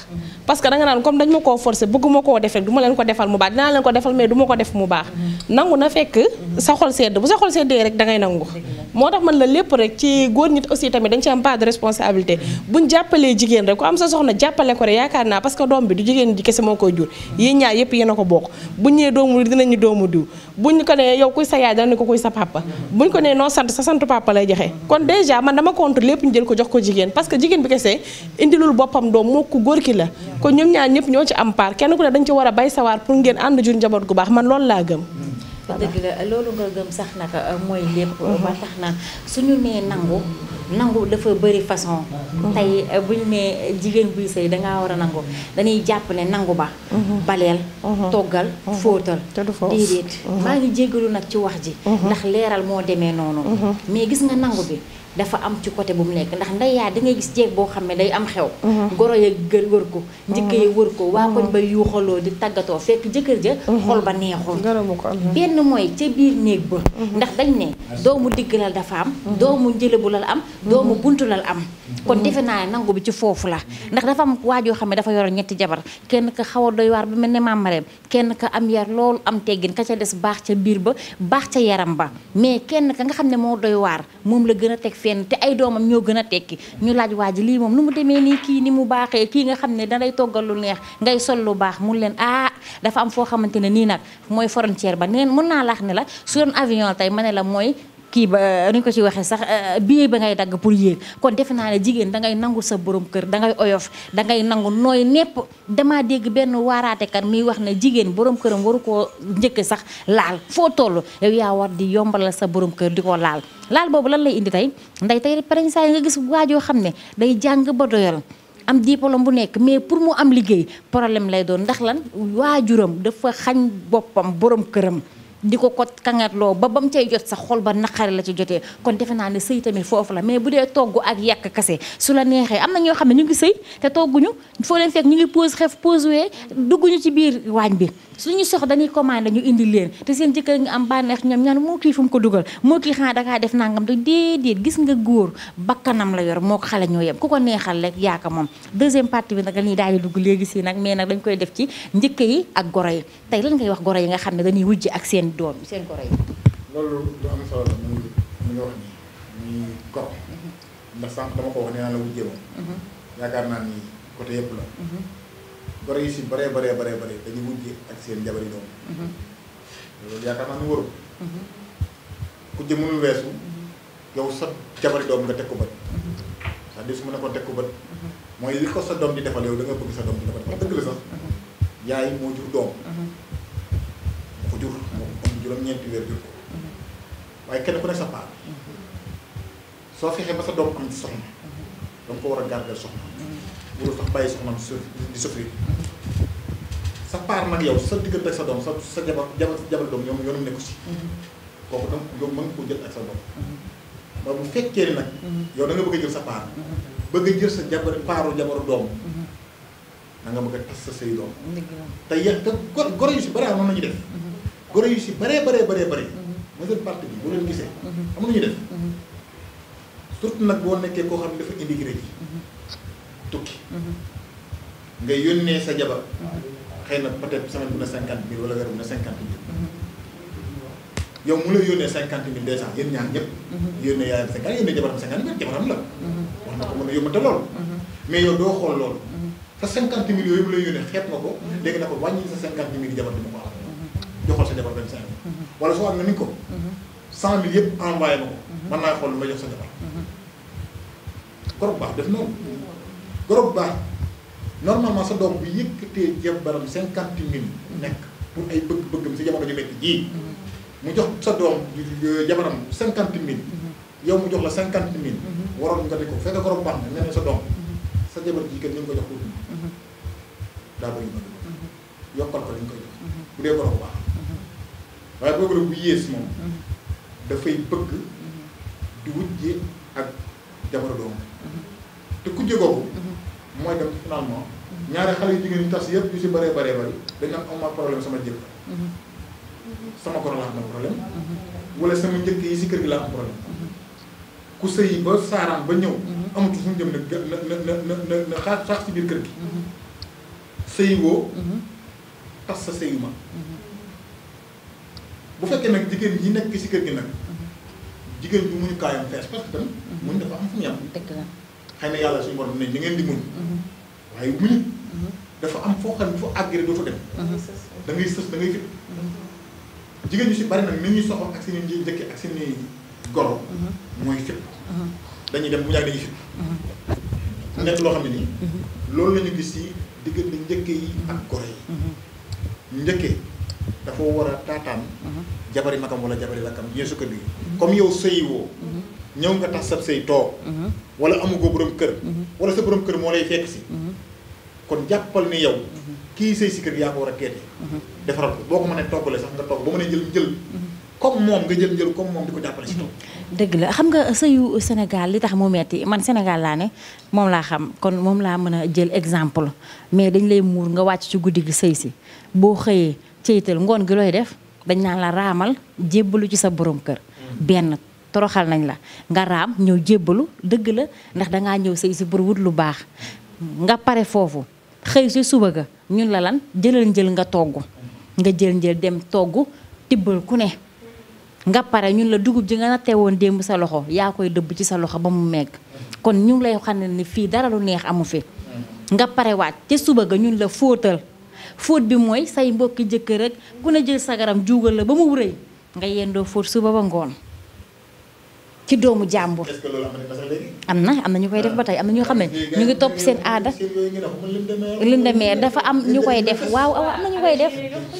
parce que da naan comme dañ ma koo forcé bëgguma koo def rek du leen ko defal mu baax dinaa leen ko defal ma ko def mu baax nangu na fekk bu sa seddee rek da ngay nangu tax man la lépp rek ci góor nit aussi tamit dañ ci am part de responsabilité buñ jàppalee jigéen am sa soxna jàppale ko rek naa parce que doom bi du jigéen di kese moo ko bokk buñ nee doomu dinañu doomu diw buñ ko ne yow ko kuy sa ko ne noo sant sa sant papa lay joxe kon déjà man dama contre lépp ñu jël ko jox ko jigéen parce que jigéen bi kese indilul boppam doom moo ko góor ki la kon ñoom ñaan ñëpp ñoo ci am part kenn ku ne dañ ci war a bay sawaar pour ngeen ànd jur njaboot gu baax man loolu laa gëm. dëgg loolu nga gëm sax nag euh, mooy lépp. Mhm. ba tax na suñu nee nangu. nangu dafa bëri façon. Mhm. tey euh, bu ñu nee jigéen buy sëy dangaa war a nangu dañuy jàpp ne nangu ba. Mhm. baleel. toggal fóotal. déedéet maa ngi jéggalu nag ci wax ji. ndax leeral moo demee noonu. mais gis nga nangu bi. dafa am ci côté bu mu nekk ndax ndeyaa da ngay gis jeeg boo xam ne day am xew mhm. goro ya gër wër ko mhm. njëkk ya wër ko waa koñ mhm. ba yuuxaloo di tàggatoo fekk jëkkër ja xol ba neexul benn mooy ca biir néeg ba ndax dañ ne doomu digg lal dafa am doomu njëlabu lal am doomu buntu la am kon defe naa ne nangu bi ci foofu la ndax dafa am waajoo xam ne dafa yoroon ñetti jabar kenn ka xaw a doy waar ba mel ne mamareem kenn ka am yar loolu am teggin ka ca des baax ca biir ba baax ca yaram ba mais kenn ka nga xam ne moo doy waar moom la gën a teg fenn te ay doomam ñoo gën a tekki ñu laaj waa ji lii moom nu mu demee nii kii ni mu baaxee kii nga xam ne dalay toggal lu neex ngay sol lu baax mun leen ah dafa am foo xamante ne nii nag mooy frontière ba neen mën naa laax ne la su doon avion tey ma ne la mooy kii ba nuñ ko ci waxee sax euh, bii ba ngay dagg pour yéeg kon defe naa ne jigéen dangay nangu sa borom kër dangay oyof dangay nangu nooy nepp damaa dégg benn waaraatekat muy wax ne jigéen borom këram waru koo njëkk sax laal foo toll yow yaa war di yombalal sa borom kër di ko laal laal boobu lan lay indi tey nday tey parrain saa yi nga gis waajoo xam ne day jàng ba doyal am diplôme bu nekk mais pour mu am liggéey problème lay doon ndax lan waajuram dafa xañ boppam borom këram di ko ko kangatloo ba ba mu cay jot sax xol ba naqare la ci jotee kon defe naa ne sëy tamit foofu la mais bu dee togg ak yàq kase su la neexee am na ñoo xam ne ñu ngi sëy te togguñu foo leen fekk ñu ngi pose xef pose wee dugguñu ci biir waañ bi suñu sox dañuy commandé ñu indi leen te seen jëkkër nga am bànneex ñoom ñaan moo kii fu mu ko dugal moo kii xanaa dakaa def nangam te déedéet gis nga góor bakkanam la yor moo ko xale ñoo yem ku ko neexal rek yaaka moom deuxième partie bi nag dañuy daal di dugg léegi si nag mais nag dañ koy def ci njëkk yi ak goro yi tey lan ngay wax goro yi nga xam ne dañuy wujj ak seen doom seen goro yi loolu mhm. ko wax nee la goro yi si bare bare bare bare dañuy mujj ak seen jabar yi mhm. yaakaar naa ni warul mhm. ku jëm mënul weesu mhm. yow sa jabari doom nga teg ko bët c'est-à-dire su ma ne ko teg ko bët mooy li ko sa doom di defal yow da nga bëgg sa doom di la defal yaay moo jur doom moo ko jur moo am juróom weer jur ko waaye kenn ku ne sa part soo fexee ba sa doom am ci soxna ko war a garder soxna bu sax bàyyi soxnaam di souffrir sa part nag yow sa diggante ak sa doom sa sa jabar jabar jabar doom ñoom yoonam si kooku dam yow mën koo jël sa doom mooy bu fekkee ni yow da bëgg jël sa part bëgg jël sa jabar paaru jabaru doom da nga bëgg a sa say te yéen te gor goro na ñu def goro yu si bare bare bare bare mooy seen parti bi boo nag boo nekkee koo xam ne dafa immigré ji tukki. nga yónnee sa jabar. xëy na peut-être semaine bu na cinquante mille wala weer bu na cinquante mille. yow mu la yónnee cinquante mille deux cent yéen ñaar ñëpp. yónnee yaayam cinquante yónnee jabaram mais yow doo xool loolu. sa cinquante yooyu mu la yónnee xeet nga ko. léegi nag wàññi sa cinquante mille jabar dina ko am. joxal sa jabar vingt cinq mille. wala soo am na ni ko. cent mille yëpp envoyé ma ko. mën naa xool lu ma jox sa jabar. korob baax def noonu. bu baax normalement sa doom bu yëkkatee jabaram cinquante mille nekk pour ay bëgg-bëggam si jamono ju metti jii mhm. mu jox sa doom euh, jabaram cinquante mille mhm. yow mu jox la cinquante mille mhm. waroon nga di ko fekk bu baax na ne sa doom sa jabar ji kat ni nga ko jox ko daa bëri ma yokkal ko li ñu koy jox bu dee ko baax waaye boobu la bu yées moom dafay bëgg di wujje ak jabar doom te ku jegooku mhm. mooy dem finalement ñaari xale yu jigéen ñi tas yëpp yu si bëree bëree bëri dañu am am problème sama jëkk mhm. sama goro laa am problème mhm. wala sama njëkk yi si kër gi laa am problème ku sëy ba saaraan ba ñëw amatu fu mu jëm na na na na na nag jigéen ñi nekk si kër gi nag jigéen bi muñu kaayam fees parce que tamit muñ dafa am fu mu yem xëy na yàlla suñu borom nañ da ngeen di muñ mhm. waaye muñ mhm. dafa am foo xam ne foo àgg rek doo fa dem mhm. da sës da fit jigéen ñu si bari nag ni ñuy soxla ak seen i njëkk ak seen i goro mooy fit dañuy dem bu ñaag dañuy fit nekk loo xam ne nii loolu la gis si diggante njëkke yi ak goro yi njëkke dafa war a taataan jabari magam wala jabari lakkam yéesu ko bi comme yow sëyi ñëw nga tas sab say toog mhm. wala amugoo borom kër mhm. wala sa borom kër moo lay fekk si mhm. kon jàppal ni yow kii say si kër yaa ko war a teete defaral ko boo ko mënee toggale sax nga togg ba mën a jël jël comme moom nga jël jël comme moom di ko jàppale si toog dëgg la xam nga sëyu Sénégal li tax mu metti man Sénégal laa ne moom laa xam kon moom laa mën a jël exemple mais dañ lay muur nga wàcc ci guddi gi sëy si boo xëyee ceytal ngoon gi looy def dañ naan la raamal jébbalu ci sa borom kër toroxal nañ la nga raam ñëw jébbalu dëgg la ndax dangaa ñëw sa si pour wut lu baax nga pare foofu xëyu si suba ga ñun la lan jëlal njël nga togg nga jël njël dem togg tibbal ku ne nga pare ñun la dugub ji nga nattee woon démb sa loxo yaa koy dëbb ci sa loxo ba mu megg kon ñu ngi lay xam ne ni fii dara lu neex amu fi nga parewaat ca suba ga ñun la fóotal fóot bi mooy say mbokki jëkkër rek ku ne jël garam juugal la ba mu wurëy nga yendoo fóot suba ba ngoon ci doomu jàmbur. am na am na ñu koy def ba tey am na ñoo xam ne ah, ñu ngi topp seen aada. lëndëmee dafa am ñu koy def waaw am na ñu koy def.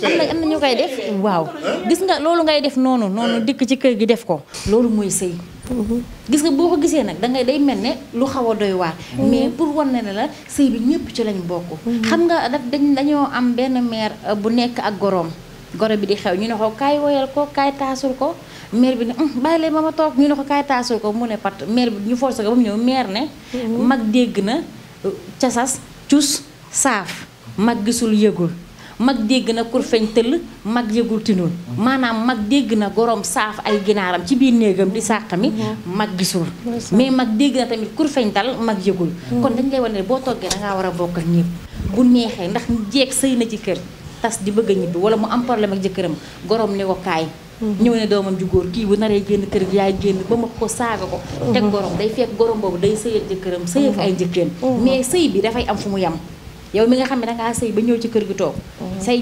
am na koy def waaw. gis nga loolu ngay def noonu noonu eh. dikk ci kër gi def ko. loolu mooy sëy. Mhm. gis nga boo ko gisee nag dangay day mel ne lu xaw a doy waar. Mhm. mais pour wan ne la sëy bi ñëpp ci lañ bokk. Mhm. xam nga daf dañ dañoo am benn mère euh, bu nekk ak goroom. goro bi di xew ñu ne ko kaay woyal ko kaay taasul ko maire bi ne bàyyi leen ba ma toog ñu ne ko kaay taasul ko mu ne pat maire bi ñu forcé ko ba mu ñëw maire ne mhm. mag dégg na euh, casas cus saaf mag gisul yëgul mag dégg na kur feñ tëll mag yëgul tinul maanaam mag dégg na gorom saaf ay ginaaram ci biir néegam di sàq mi mhm. mag gisul mais mag dégg na tamit kur feñ dal mag yëgul mhm. kon dañ lay wane ne boo toggee da war a bokk ak ñëpp bu neexee ndax jeeg sëy na ci kër tas di bëgg a ñibbi wala mu am problème ak jëkkëram gorom ne ko kaay mhm. ñëw ne doomam ju góor kii bu naree génn kër gi yaay génn ba ma ko saaga ko mhm. teg gorom day fekk gorom boobu day sëy ak jëkkëram sëy ak mhm. ay njëkkeen mais sëy bi dafay am fu mu yem yow mi nga xam ne dangaa sëy ba ñëw ci kër gi toog mhm. say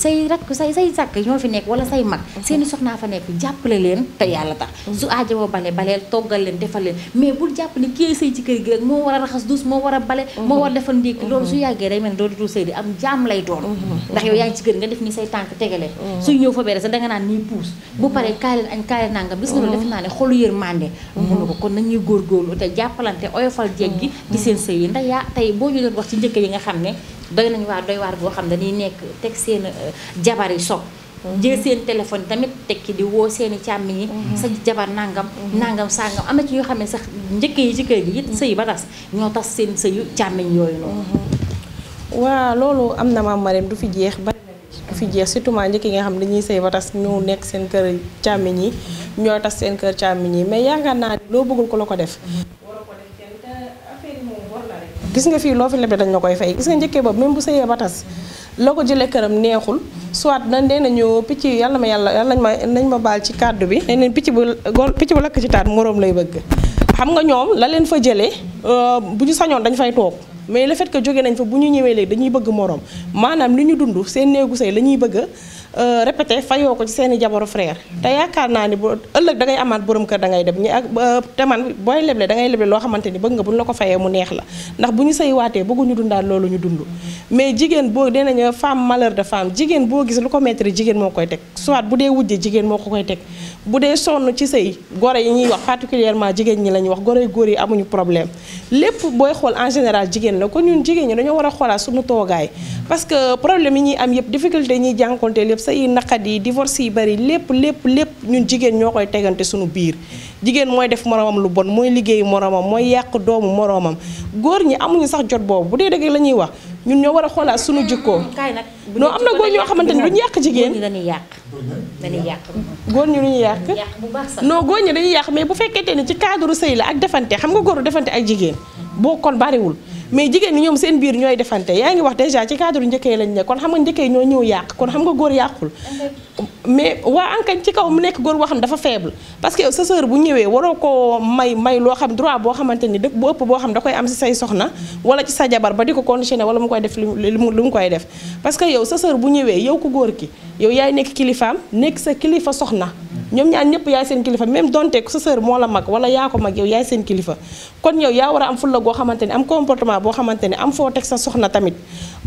say rakk say say sàkk ñoo fi nekk wala say mag mhm. seeni naa fa nekk jàppale leen te yàlla tax mhm. su aajowoo bale baleel toggal leen defal leen mais bu jàpp ne kii sëy ci kër war a raxas duus moo war a bale moo war a defal ndékki loolu su yàggee am jaam lay doon ndax yow yaa ngi ci kër nga def ni say tànk tegale suy ñëw fa beere sax da nga naan nii puus bu paree kaay leen añ kaay leen nangam gis nga loolu def naa ne xolu yërmande mënu ko kon nañuy góorgóorlu te jàppalante oyofal jeeg ci seen sëy yi ndax yaa tey boo ñu doon wax ci njëkk yi nga xam xam doy nañu waar doy waar boo xam ne dañuy nekk teg seen euh, jabar yi so mhm. jël seen téléphone tamit tekki di woo seen i càmm yi mhm. sa jabar nangam mhm. nangam sangam am na ci yoo xam ne sax njëkk yi ci gi it sëy ba tas ñoo seen sëyu càmmiñ yooyu noonu loolu am na maam du fi jeex bari du fi jeex surtout maa njëkk yi nga xam dañuy sëy ba tas ñu nekk seen kër càmmiñ yi ñoo tas seen kër càmmiñ yi mais yaakaar naa loo bëggul ko la ko def gis nga fii loo fi leble dañ la koy fay gis nga njëkkee boobu même bu sëyee ba tas loo ko jële këram neexul soit dañ dee nañu picc yàlla ma yàlla yàlla nañ ma nañ ma baal ci kàddu bi nee neen picc bu gol picc bu lakk ci taat moroom lay bëgg xam nga ñoom la leen fa jëlee euh, bu ñu sañoon dañ fay toog mais le fait que jóge nañ fa bu ñu ñëwee léegi dañuy bëgg moroom maanaam li ñu dund seen néegu sëy la ñuy bëgg Euh, répété fayoo ko ci seen i jabaru frère te yaakaar naa ni bu ëllëg da ngay amaat borom kër da ngay dem ñi ak te man booy leble da leble loo xamante ni bëgg nga buñ la ko fayee mu neex la ndax bu ñu sëy waatee bëgguñu dundaat loolu ñu dund mais jigéen boo nee nañu femme malheur de femme jigéen boo gis lu ko mettre jigéen moo koy teg soit bu dee wujje jigéen moo ko koy teg bu dee sonn ci sëy gore yi ñuy wax particulièrement jigéen ñi la ñuy wax gore góor yi amuñu problème en la kon ñun jigéen ñi dañoo war a xoolaat suñu toogaay yëpp sa yi naqat yi divorce yi bari lépp lépp lépp ñun jigéen ñoo koy tegante suñu biir jigéen mooy def moroomam lu bon mooy liggéey moroomam mooy yàq doomu moroomam góor ñi amuñu sax jot boobu bu dee dëgg la ñuy wax ñun ñoo war a xoolaat suñu jikkoo non am na góor ñoo xamante ni duñu yàq jigéen dañuy yàq góor ñi lu ñu yàq non góor ñi dañuy yàq mais bu fekkente ni ci cadre sëy la ak defante xam nga góor defante ak jigéen boo kon bariwul mais jigéen ñi ñoom seen biir ñooy defante yaa ngi wax déjà ci cadre njëkkee lañ ne kon xam nga njëkkee ñoo ñëw yàq kon xam nga góor yàqul mais waa ankañ ci kaw mu nekk góor boo xam dafa faible parce que sa sœur bu ñëwee waroo ko may may loo xam droit boo xamante ni dëkk bu ëpp boo xam da koy am si say soxna wala ci sa jabar ba di ko conditionné wala mu koy def li mu li mu koy def parce que yow bu ñëwee yow ku góor ki yow yaay nekk kilifa kilifaam nekk sa kilifa soxna ñoom ñaan ñëpp yaay seen kilifa même donte sa sœur moo la mag wala yaa ko mag yow yaay seen kilifa kon yow yaa war a am fulla goo xamante ne am comportement boo xamante ne am foo teg sa soxna tamit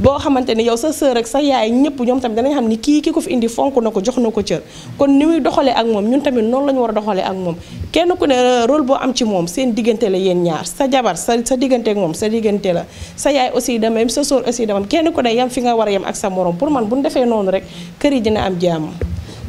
boo xamante ne yow sa sœur ak sa yaay ñëpp ñoom tamit danañ xam ni kii ki ko fi indi fonk na ko jox na ko cër kon ni muy doxalee ak moom ñun tamit noonu la ñu war a doxalee ak moom kenn ku ne rôle boo am ci moom seen diggante la yéen ñaar sa jabar sa sa diggante moom sa diggante la sa yaay aussi de même sa sœur aussi de kenn ku ne yem fi nga war a yem ak sa morom pour man bu ñu defee noonu rek kër yi dina am jàmm.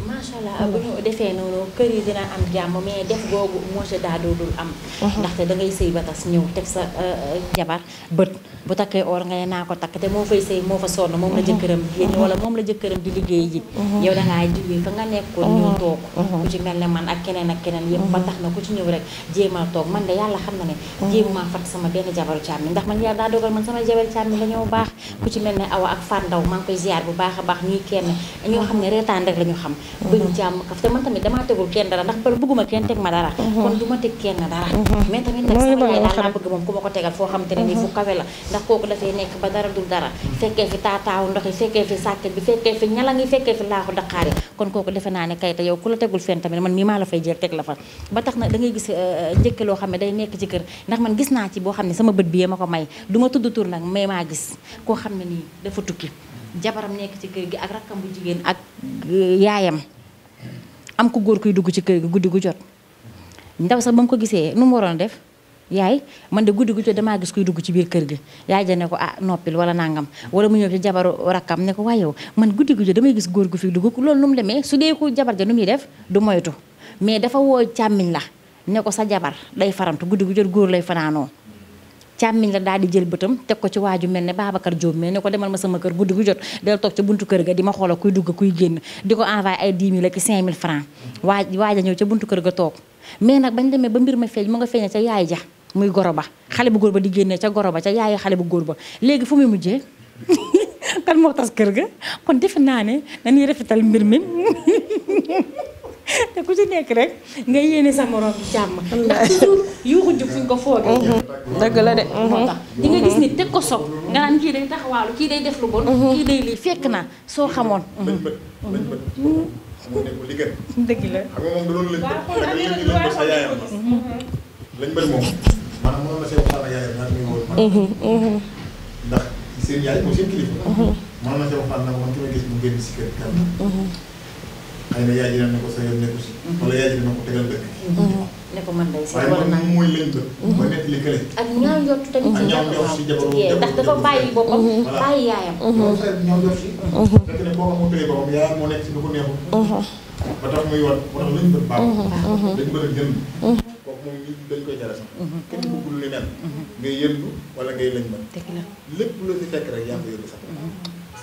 macha allah bu ñu defee noonu kër yi dina am jàmm mais def googu moo ci daa doodul am. Uh-huh. ndaxte da ngay sëy ba tas ñëw teg sa euh, jabar bët. bu takkee or nga naa ko takk te moo fay sëy moo fa sonn moom la jëkkëram génn wala di liggéey ji mm-hmm. yow dangaa jógee fa nga nekkoon ñëw mm-hmm. toog mm-hmm. ku ci mel ne man ak keneen ak keneen yëpp ba tax na ku ci ñëw rek jéemal toog man yàlla xam na ne jéemumaa fat sama benn jabaru càmmi ndax jabaru càmmi dañoo baax ku ci mel ne awa ak fandaw maa koy ziar bu baax baax ñuy kenn ñoo xam ne reetaan rek la ñu xam jàmm kaf te man tamit damaa tegul kenn dara ndax bal bëgguma kenn teg ma dara kon du ma daal laa bëgg moom ku ma ko tegal foo xam te ne nii fu kawe la ndax kooku dafay nekk ba dara dul dara fekkee fi taataawu ndox yi fekkee fi sàkket bi fekkee fi ñala ngi fekkee fi laaxu daqaar yi kon kooku defe naa ne kayita yow ku la tegul fenn man mii maa fay jël teg la fa ba tax na da ngay gis euh, njëkk loo xam ne day nekk ci kër ndax man gis naa ci boo xam ne sama bët bi ma ko may du ma tudd tur nag mais maa gis koo xam ne nii dafa tukki jabaram nekk ci kër gi ak rakkam bu jigéen ak euh, yaayam am ku góor kuy dugg ci kër gi guddi gu jot ndaw sax ba mu ko gisee nu mu waroon def yaay man de guddi gu jot damaa gis kuy dugg ci biir kër gi yaay ja ne ko ah noppil wala nangam wala mu ñëw ci jabaru rakkam ne ko waayew man guddi gu jot damay gis góor gu fi dugg loolu nu mu demee su dee jabar ja nu muy def du moytu mais dafa woo càmmiñ la ne sa jabar day farantu guddi gu jot góor lay fanaanoo càmmiñ la daal di jël bëtam teg ko ci waaju mel ne Babacar Diop mel ne ko demal ma sama kër guddi gu jot del toog ca buntu kër ga di ma xoola kuy dugg kuy génn di ko envoyé ay 10 000 ak 5 000 francs waa waaja ñëw ca buntu kër ga toog mais nag bañ demee ba mbir ma feeñ mu nga feeñee ca yaay ja muy goro ba xale bu góor ba di génnee ca goro ba ca yaay xale bu góor ba léegi fu muy mujjee kan moo tas kër ga kon defe naa ne dañuy rafetal mbir mi te ku si nekk rek nga yéene sa morom jàmm ndax toujours yuuxu jub fuñ ko foogee mhm. dëgg la de moo mhm. di nga gis ni teg ko sob nga naan kii day taxawaalu kii day def lu bon mhm. kii day lii fekk naa soo xamoon moo nekkul li gën. la xam nga da doon lañ xëy na yaay ji ne ko sa yoon sa ñaaw njort si. fekk ne boo xamante boppam yaayam moo nekk si lu ko neexul. Mhm. ba tax muy wat ba tax lañ bëgg baax. Mhm. dañ mhm. bëgg a jënd. kooku moom ñu dañ koy jara sax. kenn bëggul lu ne ngay yëndu wala ngay lañ lépp lu ci fekk rek yaa ngi koy sax.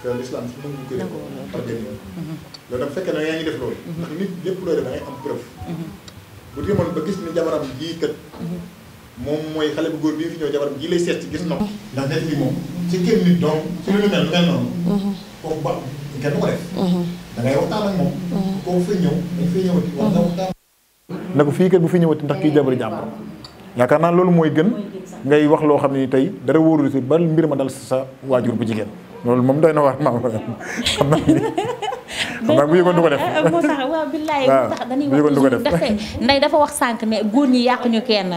parce que l'islam su nangu ko def loolu nag fekkee na loolu ndax mhm. gis ni jabaram jii kat mhm. moom mooy xale góor bii fi ñëw jabaram jii gis noonu mhm. ndax net bi moom ci kër fii kat bu fi ñëwati ndax kii jabar jàmbur naa loolu mooy gën ngay wax loo xam ne ni tey dara wóorul si ba mbir ma dal sa waajur bu jigéen loolu moom doy na waar maam xam naa ni xam yëgoon du ko def euh, moo tax waaw billaay moo tax dañuy wax toujours dafe dafa wax sànq ne góor ñi yàq ñu kenn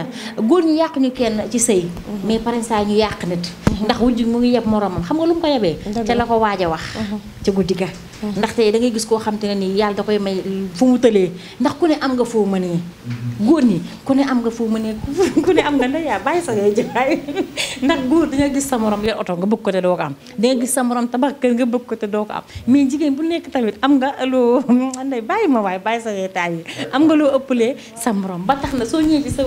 góor ñi yàq ñu kenn ci sëy mhm. mais pare saa ñu yàq nit mhm. ndax wujj mu ngi yeb moromam xam nga lu mu ko yebee ca la ko waaj a wax mhm. ci guddi ga ndaxte da gis koo xam te ne nii yàlla da koy may fu mu tëlee ndax ku ne am nga foo mënee mhm. góor ñi ku ne am nga foo mënee ku ne am nga ne yaa bàyyi sa ngay jaay ndax góor da gis sa morom oto nga bëgg ko te am da sa morom tabax kër nga bëgg ko doo am mais jigéen bu nekk tamit am nga loo ndey bàyyi ma waaye bàyyi sa ngay taay yi am nga loo ëpple sa moroom ba tax na soo ñëwee sa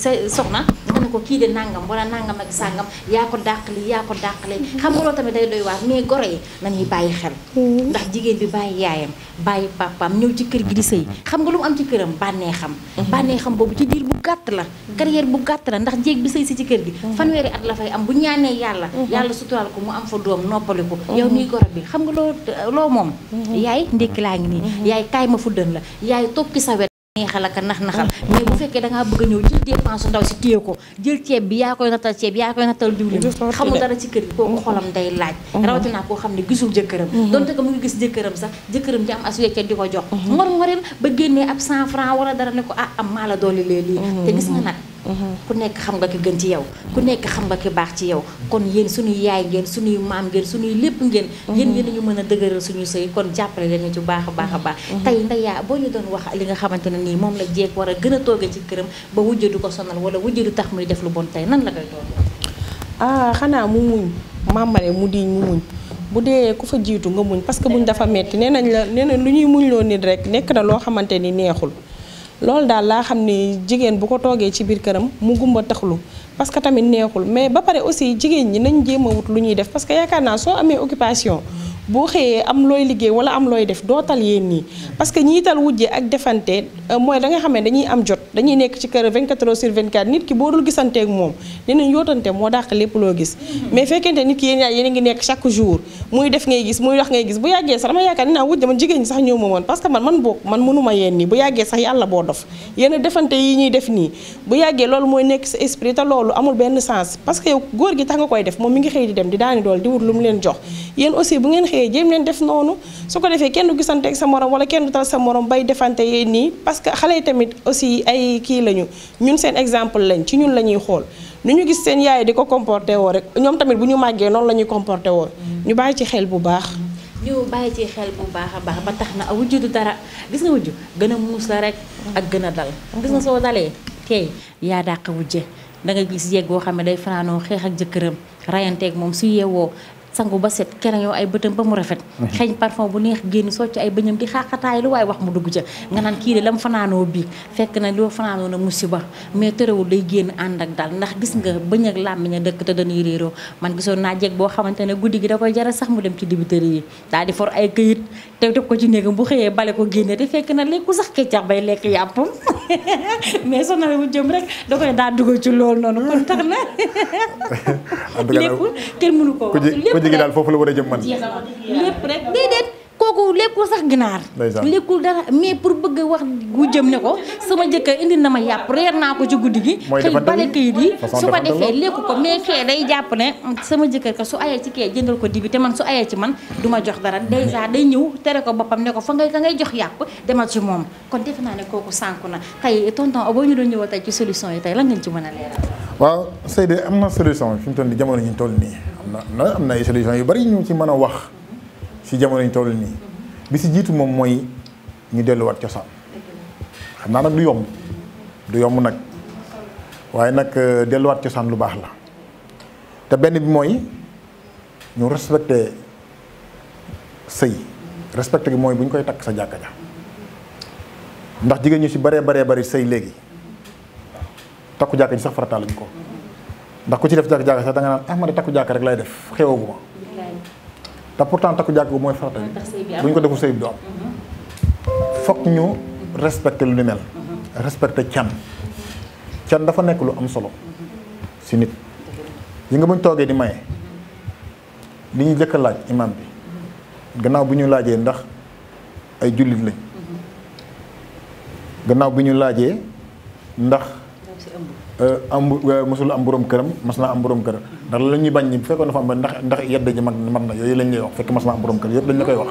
sa soxna nga ne ko kii de nangam wala nangam ak sàngam yaa ko dàqali yaa ko dàqali xam nga loolu tamit day doy waar mais goro yi nañuy bàyyi xel mm-hmm. tax jigéen bi bàyyi yaayam bàyyi papaam ñëw ci kër gi di sëy xam nga lu mu am ci këram xam bànneexam mhm. bànneexam boobu ci diir bu gàtt la mhm. carrière bu gàtt la ndax jéeg bi sëy si ci kër gi mhm. fanweeri at la fay am bu ñaanee yàlla yàlla suturaal ko mu am fa doom noppaliku yow miy goro bi xam nga loo loo moom yaay ndékki laa ngi nii yaay kaay ma fuddën la yaay toog ci sa wet neexal ak nax naxal mais bu fekkee da bëgg a ñëw jël dépense ndaw si téye ko jël ceeb bi yaa koy natal ceeb yaa koy natal diwlin xamul dara ci kër gi kooku xolam day laaj mhm. rawatina koo xam ne gisul jëkkëram mhm. donte que mu ngi gis jëkkëram sax jëkkëram di am as wecce di ko jox ngor mhm. ngoreel ba génnee ab 100 francs wala dara ne ko ah am maa la doole lii te gis nga nag Mhm. ku nekk xam nga ki gën ci yow ku nekk xam nga ki baax ci yow kon yéen suñuy yaay ngeen suñuy maam ngeen suñuy lépp ngeen mhm. yéen yéen ñu mën a dëgëral suñu sëy kon jàppale lañu ci baax a baax a baax mhm. tey yaa boo ñu doon wax li nga xamante ne nii moom la jeeg war a gën a toogee ci këram ba wujje du ko sonal wala wujje du tax muy def lu bon tey nan la koy toogee ah, xanaa mu muñ màmmare mu diñ mu muñ bu dee ku fa jiitu nga muñ parce que muñ dafa metti nee nañ la nee nañ lu ñuy muñ loo nit rek nekk na loo xamante ni neexul loolu daal laa xam ni jigéen bu ko toogee ci biir këram mu gumba taxlu parce que tamit neexul mais ba pare aussi jigéen ñi nañ jéem a wut lu ñuy def parce que yaakaar naa soo amee occupation boo xëyee am looy liggéey wala am looy def doo tal yéen nii que ñiital wujje ak defante euh, mooy da nga xam ne am jot dañuy nekk ci kër 24 heures sur nit ki boo dul gisanteeg moom nee nañ yootante moo dàq lépp loo gis mm-hmm. mais fekkente nit ki a ngi nekk chaque jour muy def ngay gis muy wax ngay gis bu yàggee sax dama yaakaar ne naa wujje man jigéen ñi sax ñoo moomoon parce que man man bokk man mënuma yéen nii bu yàggee sax yàlla boo dof yéen defante yi ñuy def nii bu yàggee loolu mooy nekk sa esprit te loolu loolu amul benn sens parce que yow góor gi tax nga koy def moom mi ngi xëy di dem di daani dool di lu mu leen jox yéen aussi bu ngeen xëyee jéem leen def noonu su ko defee kenn du gisante ak sa morom wala kenn du tal sa defante yéen nii parce que xale yi tamit aussi ay kii lañu ñun seen exemple lañ ci ñun la ñuy xool nu ñu gis seen yaay di ko comporté woo rek ñoom tamit bu ñu màggee noonu la ñuy comporté ñu bàyyi ci xel bu baax ñu bàyyi ci xel bu baax a baax ba tax na wujju du dara gis nga wujju gën a muus la rek ak gën a dal gis nga soo dalee tey yaa dàq wujje dangay gis jeeg boo xam ne day fanaanoo xeex ak jëkkëram rayanteeg moom su yeewoo sangu ba set kereñoo ay bëtam ba mu rafet mhm. xeeñ parfum bu neex génn socc ay bëñam di xaaxataay lu waaye wax mu dugg ca nga naan kii de lam fanaanoo biig fekk na loo fanaanoo na musiba mais tërëwul day génn ak daal ndax gis nga bëñ ak làmmiñ a dëkk te dañuy réeroo man gisoon naa boo xamante ne guddi gi da koy sax mu dem ci dibitëri yi daal di for ay këyit te def ko ci néegam bu xëyee bale ko génne te fekk na lekku sax keccax bay lekk yàppam mais soo nawe bu jëm rek da koy daa dugal ci loolu noonu kon tax na lépp kenn mënu ko wax sama jigéen daal foofu la war a jëm man. lépp rek déedéet. kooku lekkul sax ginaar lekkul dara mais pour bëgg wax gu jëm ne ko sama jëkkër indi na ma yàpp reer naa ko ci guddi gi xëy bale këyit yi su ko defee lekku ko mais kee day jàpp ne sama jëkkër ka su ayee ci kee jëndal ko dibi te man su ayee ci man du ma jox dara dèjà day ñëw tere ko boppam ne ko fa ngay ka ngay jox yàpp demal ci moom kon defe naa ne kooku sànku na tey tonton boo ñu doon ñëwal tey ci solution yi tey la ngeen ci mën a leeral waaw Seydou am na solution ñu toll nii am na am na ay yu bari ñu ci mën a wax ci jamono ñu toll nii bi si jiitu moom mooy ñu delluwaat cosaan xam naa nag du yomb du yomb nag waaye nag euh, delluwaat cosaan lu baax la te benn bi mooy ñu respecté sëy respecté gi mooy bu ñu koy takk sa jàkka ja ndax jigéen ñu si baree baree bari sëy léegi takku jàkka ji sax farataal lañ ko ndax ku ci def jàkka jàkka sax da nga naan ah ma de takku jàkka rek lay def xewaguma te pourtant takku jàkk mooy farata bi bu ñu ko deful sëy bi du am mhm. fokk ñu respecté lu ni mel mhm. respecté can can dafa nekk lu am solo mhm. si nit yi nga buñ toogee di maye li ñu jëkk laaj imam bi gannaaw bu ñu laajee ndax ay jullit lañ gannaaw bi ñu laajee ndax Euh, am euh, mosul am borom këram mas naa am borom kër ndax la ñuy bañ ñi bu fekkoon dafa am ndax ndax yedd ji mag mat na lañ lay wax fekk mas naa am borom kër yëpp dañ la koy mm,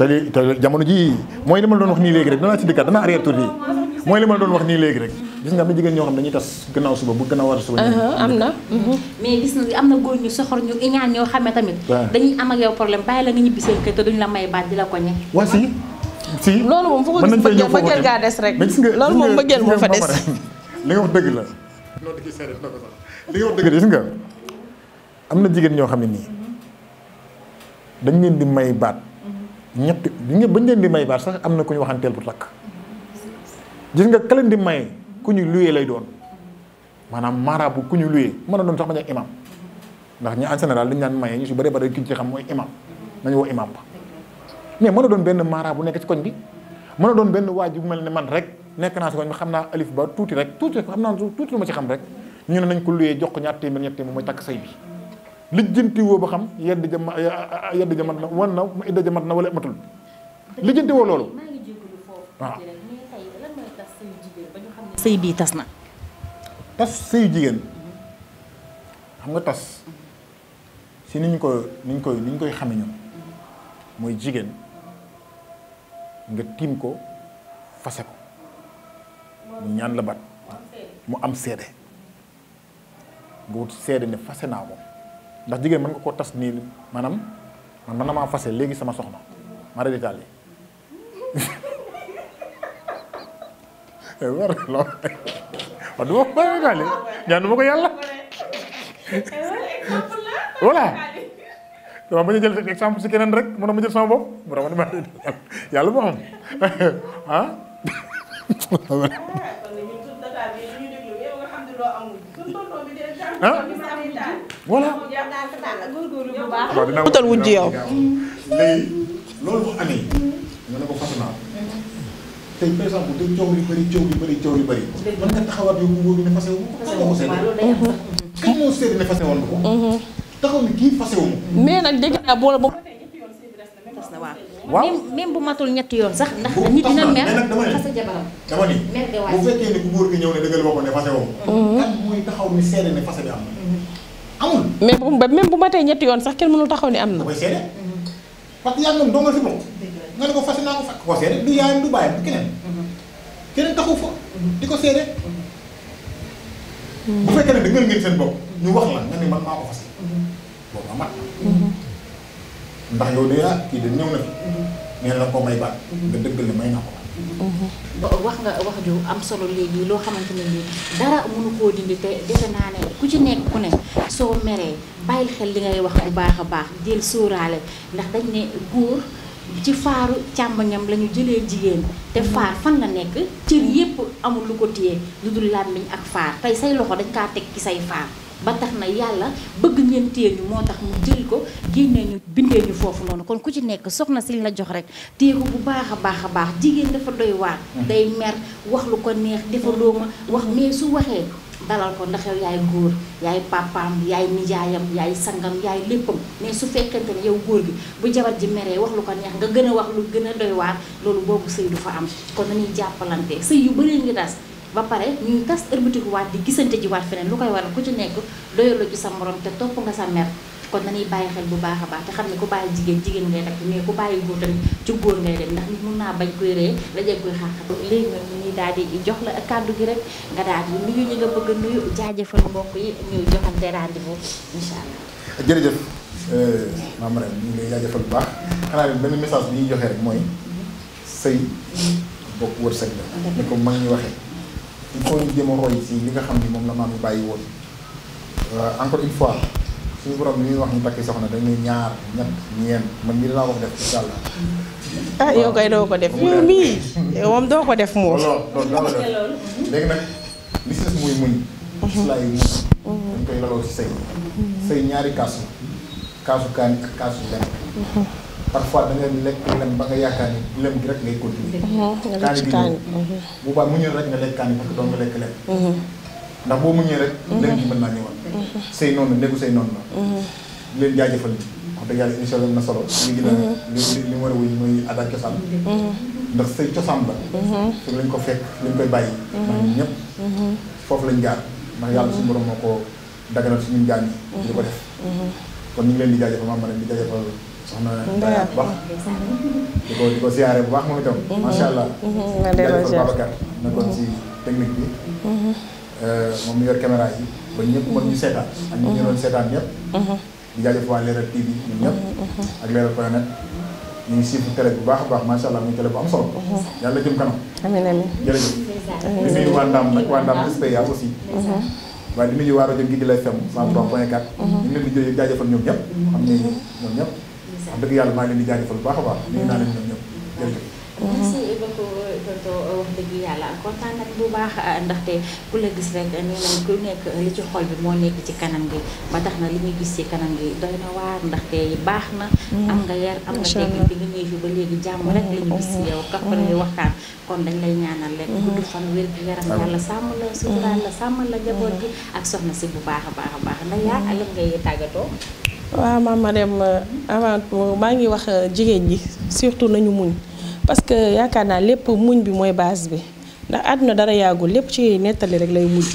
mm. te jamono ji mooy li doon wax nii léegi rek danaa si dikkaat danaa arrière ma doon wax nii léegi rek gis nga na jigéen ñoo xam ne dañuy tas gannaaw suba bu gannaaw war suba uh-huh, am na mm-hmm. mais gis nga am na góor ñu soxor ñu iñaan ñoo xam ne tamit dañuy am ak yow problème bàyyi la nga ñibbi seen kër te duñu la may baat di la ko ñe waa si si loolu moom foo ko gis bëggeel bëggeel des rek loolu moom bëggeel moo fa des li nga wax dëgg la loolu ki seet na ko sax nga am na jigéen ñoo xam ne nii dañ leen di may baat ñetti ñëpp bañ leen di may baat sax am na ku ñu waxanteel bu takk gis nga ka di may ku ñu luyee lay doon maanaam marabu ku ñu luyee mën a doon sax ma ne imam ndax ñu en général dañ naan maye ñu si bëri bëri ki ñu ci xam mooy imam nañu woo imam mais mën a doon benn mara bu nekk ci koñ bi mën a doon benn waa ji bu mel ne man rek nekk naa si koñ bi xam naa alif ba tuuti rek tuuti rek xam naa tuuti lu ma ci xam ñu ne nañ ko luyee jox ko ñaar téeméer ñett téeméer mooy takk say bi lijjanti woo ba xam yedd ja yedd ja mat na wan na idda ja mat na wala matul lijjanti woo loolu tas na tas sëyu jigéen xam nga tas si niñ ko niñ koy niñ koy xame ñun mooy jigéen nga tiim ko fase ko ñu ñaan la bat mu am seede nga wut seede ne fase naa ko ndax jigéen mën nga koo tas nii maanaam man mën na maa fase léegi sama soxna mara détail yi war lool waaw du ma ko mara détail ñaan du ko yàlla voilà dama bañ a jël exemple si keneen rek mu ne ma jël sama bopp yàlla boo xam ah. ah voilà. utal bu amee. nga ne ko fas naa tey par bu wóor ne fas taxaw ni kii fase wu ma. mais nag dégg naa boole ba. waaw même bu matul ñetti yoon sax ndax nit dina mer fase jabaram dama ni bu fekkee gi ñëw ne dëggal waxoon ne fase woo mhm. kan mooy taxaw ni seede ne fase bi am na mhm. amul mais bu même bu ñetti yoon sax kenn mënul taxaw ni am na koy seede mhm. parce que yaa moom dongal si bokk nga ne ko fase naa ko fekk ko seede du yaayam du bàyyam du keneen keneen taxu fa di ko seede bu fekkee ne dëggal ngeen seen bopp ñu wax la boobu amat mhm. ndax yow de ah kii de ñëw na mhm. ko may baat. Mhm. nga dëggal ne may na wax nga wax ju am solo léegi loo xamante ne nii dara mënu koo dindi te defe naa ne ku ci nekk ku ne soo meree bàyyil xel li ngay wax bu baax a baax jël sóoraale ndax dañ ne góor. ci faaru càmbañam lañu jëlee jigéen te faar fan la nekk cër yépp amul lu ko téye lu dul làmmiñ ak faar tey say loxo dañ kaa teg ci say faar ba tax na yàlla bëgg ngeen téye ñu moo tax mu jël ko génnee ñu bindee ñu foofu noonu kon ku ci nekk soxna siñ la jox rek téye bu baax a baax a baax jigéen dafa doy waar mm-hmm. day mer wax lu ko neex defaloo wax mais su waxee dalal ko ndax yow yaay góor yaay papaam yaay nijaayam yaay sangam yaay léppam mais su fekkente ne yow góor gi bu jabar ji meree wax lu ko neex nga gën a wax lu gën a doy waar loolu boobu sëy du fa am kon nañuy jàppalante sëy yu bëree ngi tas ba pare ñuy tas ëlbatiku waat di gisante ji waat feneen lu koy a ku ci nekk doyalu ci sa morom te topp nga sa mer kon nañuy bàyyi xel bu baax a baax te xam ne ku bàyyi jigéen jigéen ngay rek mais bàyyi góor tamit ci góor ngay naa bañ koy ree dajee koy xaaxat léegi daal di jox la kàddu gi rek nga daal di nuyu ñi nga bëgg a nuyu jaajëfal mbokk yi ñu joxante rendez-vous incha allah jërëjëf euh, maam ngi lay bu baax xanaa bi benn message bi ñuy joxee rek mooy mm-hmm. sëy bokk wër la ni ko mag ñu waxee il faut ñu roy si li nga xam ni moom la maam yi bàyyi woon euh, encore une fois suñu borom li ñuy wax ñu takki soxna dañuy ñaar ñett ñeent man mii laa wax def incha allah. kay doo ko def yow moom doo ko def moom. loolu loolu def léegi nag li si mooy muñ. islaay muñ. dañ koy laloo si sëy. sëy ñaari kaasu kaasu kaani ak kaasu lenn. parfois da lekk lem ba nga yaakaar ni lem gi rek ngay continuer. bu baax mu ñëw rek nga lekk kaani parce que doon nga lekk lem. Mhm. ndax boo muñee rek. Mhm. lem gi mën naa ñëwaat. Mhm. say noonu ndegu say noonu la. leen jaajëfal wax dëgg yàlla émission a wuy muy aada la. ko fekk fi lañ koy bàyyi. ndax ñun ñëpp. foofu lañ jaar ndax yàlla suñu borom moo ko daganal suñu jaan yi. di ko def. kon ñu leen di jaajëfal maa ma leen di jaajëfal. soxna Ndaya bu baax. di ko di bu baax moom itam. Mhm. macha allah. Mhm. na delloo ziar mhm. bi. Euh, moom mu yor caméra yi ba ñëpp mën ñu seetaan. ak ñu doon seetaan ñëpp. TV ñun ñëpp. ak Leral point net ñu ngi siifu télé bu baax a baax macha allah muy télé bu am solo. yàlla jëm kanam. amiin amiin jërëjëf. di nuyu waa Ndam nag di nuyu waa rajo Ndingler FM 103.4. ñu ngi leen di jaajëfal ñoom xam ne ñoom ñëpp. wax dëgg yàlla maa ngi leen di jaajëfal bu baax a mm-hmm. ndaxte ku la gis ku nekk li bi moo nekk ci kanam gi ba tax na li ñuy gis ci kanam gi doy na waar ndaxte baax na. Mm-hmm. am nga yar am nga tekki bi nga ñëw fi ba léegi jàmm rek la ñu gis ci mm-hmm. yow. kàpp nañu waxtaan kon dañ lay ñaanal rek. gudd fan wér gi yaram yàlla sàmm la suturaal la sàmm la njaboot gi ak soxna si bu baax a baax a baax ndax yaa lan ngay tàggatoo. waa maam Marème avant tout maa ngi wax euh, jigéen ji surtout nañu muñ parce que yaakaar naa lépp muñ bi mooy base bi ndax àdduna dara yàggul lépp ci nettali rek lay mujj.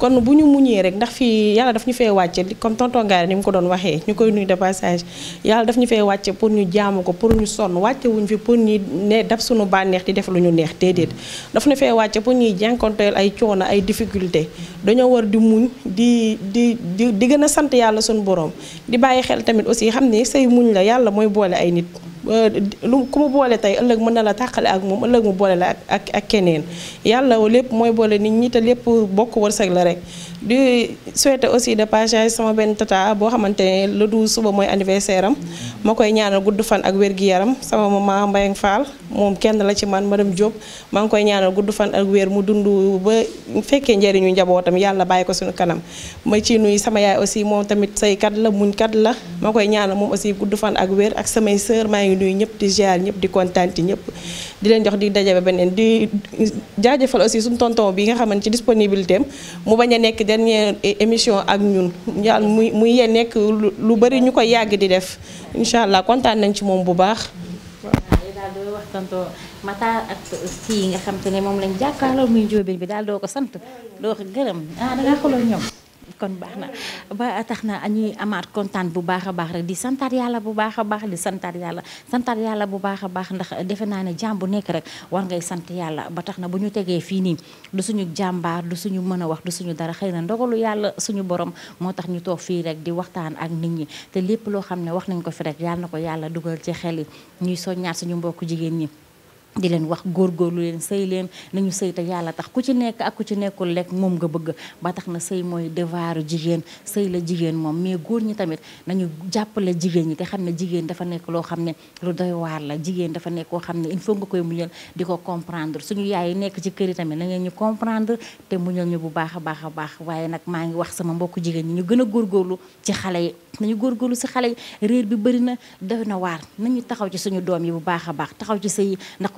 kon bu ñu muñee rek ndax fii yàlla daf ñu fee wàcce comme tonton ni mu ko doon waxee ñu koy nuyu de passage yàlla daf ñu fee wàcce pour ñu jaamu ko pour ñu sonn wàcce wuñ fi pour ñuy ne daf suñu bànneex di def lu ñu neex déedéet daf ñu fee wàcce pour ñuy jànkonteel ay coono ay difficulté dañoo war di muñ di di di di gën a sant yàlla suñu borom di bàyyi xel tamit aussi xam ne say muñ la yàlla mooy boole ay nit Euh, lu ku mu boole tey ëllëg mën na la tàqale ak moom ëllëg mu boole la ak ak keneen yàlla lépp mooy boole nit ñi te lépp bokk wërsëg la rek di souhaité aussi de passage sama benn tata boo xamante ne le du suba mooy anniversaire am ma koy ñaanal gudd fan ak wér-gi-yaram sama ma Mbayang Fall moom kenn la ci man madame Diop maa ngi koy ñaanal gudd fan ak wér mu dund ba fekkee njëriñu njabootam yàlla bàyyi ko suñu kanam ma ci nuy sama yaay aussi moom tamit saykat la muñ la ma koy ñaanal moom aussi gudd fan ak wér ak samay sœur maa ngi nuyu ñëpp di ziar ñëpp di kontaan ñëpp di leen jox di daje beneen di jaajëfal aussi suñu tonton bi nga xamante ci disponibilité mu bañ a nekk dernière émission ak ñun yàlla muy muy yee nekk lu bëri ñu ko yàgg di def incha allah kontaan nañ ci moom bu baax. daal doo wax ak kii nga xam ni moom lañ jàkkaarloo muy jóobeen bi daal doo ko sant doo ko gërëm ah da ñoom. kon baax na ba tax na ñuy amaat kontaan bu baax a baax rek di santaat yàlla bu baax a baax di santaat yàlla santaat yàlla bu baax a baax ndax defe naa ne jaam bu nekk rek war ngay sant yàlla ba tax na bu ñu tegee fii nii du suñu jàmbaar du suñu mën a wax du suñu dara xëy na ndogalu yàlla suñu borom moo tax ñu toog fii rek di waxtaan ak nit ñi te lépp loo xam ne wax nañ ko fi rek yàlla na ko yàlla dugal ci xel yi ñuy soññaat suñu mbokku jigéen ñi di leen wax góor góorgóorlu leen sëy leen nañu sëy te yàlla tax ku ci nekk ak ku ci nekkul lekk moom nga bëgg ba tax na sëy mooy devoiru jigéen sëy la jigéen moom mais góor ñi tamit nañu jàppale jigéen ñi te xam ne jigéen dafa nekk loo xam ne lu doy waar la jigéen dafa nekk koo xam ne il faut nga koy muñal di ko comprendre suñu yaay yi nekk ci kër yi tamit na ngeen ñu comprendre te muñal ñu bu baax a baax a baax waaye nag maa ngi wax sama mbokku jigéen ñi ñu gën a góorlu ci xale yi nañu góorgóorlu si xale yi bi bëri na doy na waar nañu taxaw ci suñu doom yi bu baax a baax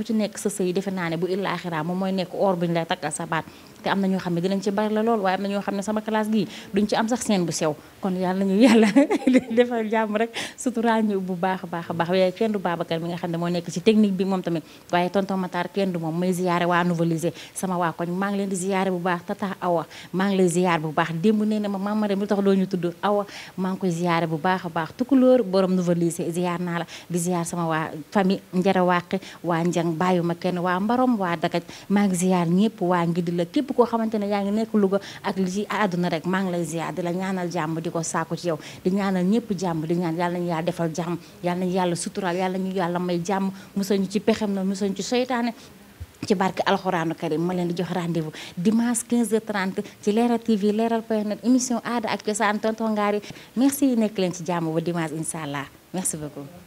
ku ci nekk sa sëy defe naa bu illaaxiraa moom mooy nekk or bu ñu lay takkal sa baat te am na ñoo xam ne dinañ ci bari la lool waaye am na ñoo xam ne sama classe gii duñ ci am sax seen bu sew kon yàlla ñu yàlla defal jàmm rek sutural bu baax a baax a baax waaye kenn du Babacar mi nga xam ne moo nekk ci technique bi moom tamit waaye tonton Matar kenn du moom may ziyaare waa nouvelle sama waa koñ maa leen di ziyaare bu baax tata awa maa ngi lay bu baax ma maam Marème lu tax doo ñu tudd awa maa ngi koy ziyaare bu a Matam ma kenn waa Mbarom waa Dakaj maa ngi ziar ñëpp waa Ngidi la képp koo xamante ne yaa ngi nekk Louga ak li àdduna rek maa ngi lay ziar di la ñaanal jàmm di ko saako ci yow di ñaanal ñëpp jàmm di ñaan yàlla nañu yàlla defal jàmm yàlla nañu yàlla sutural yàlla ñu yàlla may jàmm musal ñu ci pexem na musal ñu ci seytaane ci barke alxuraanu karim ma leen di jox rendez-vous dimanche 15h30 ci Leral TV Leral point net émission aada ak cosaan tonton Ngari nekk leen ci jàmm ba dimanche incha allah merci beaucoup.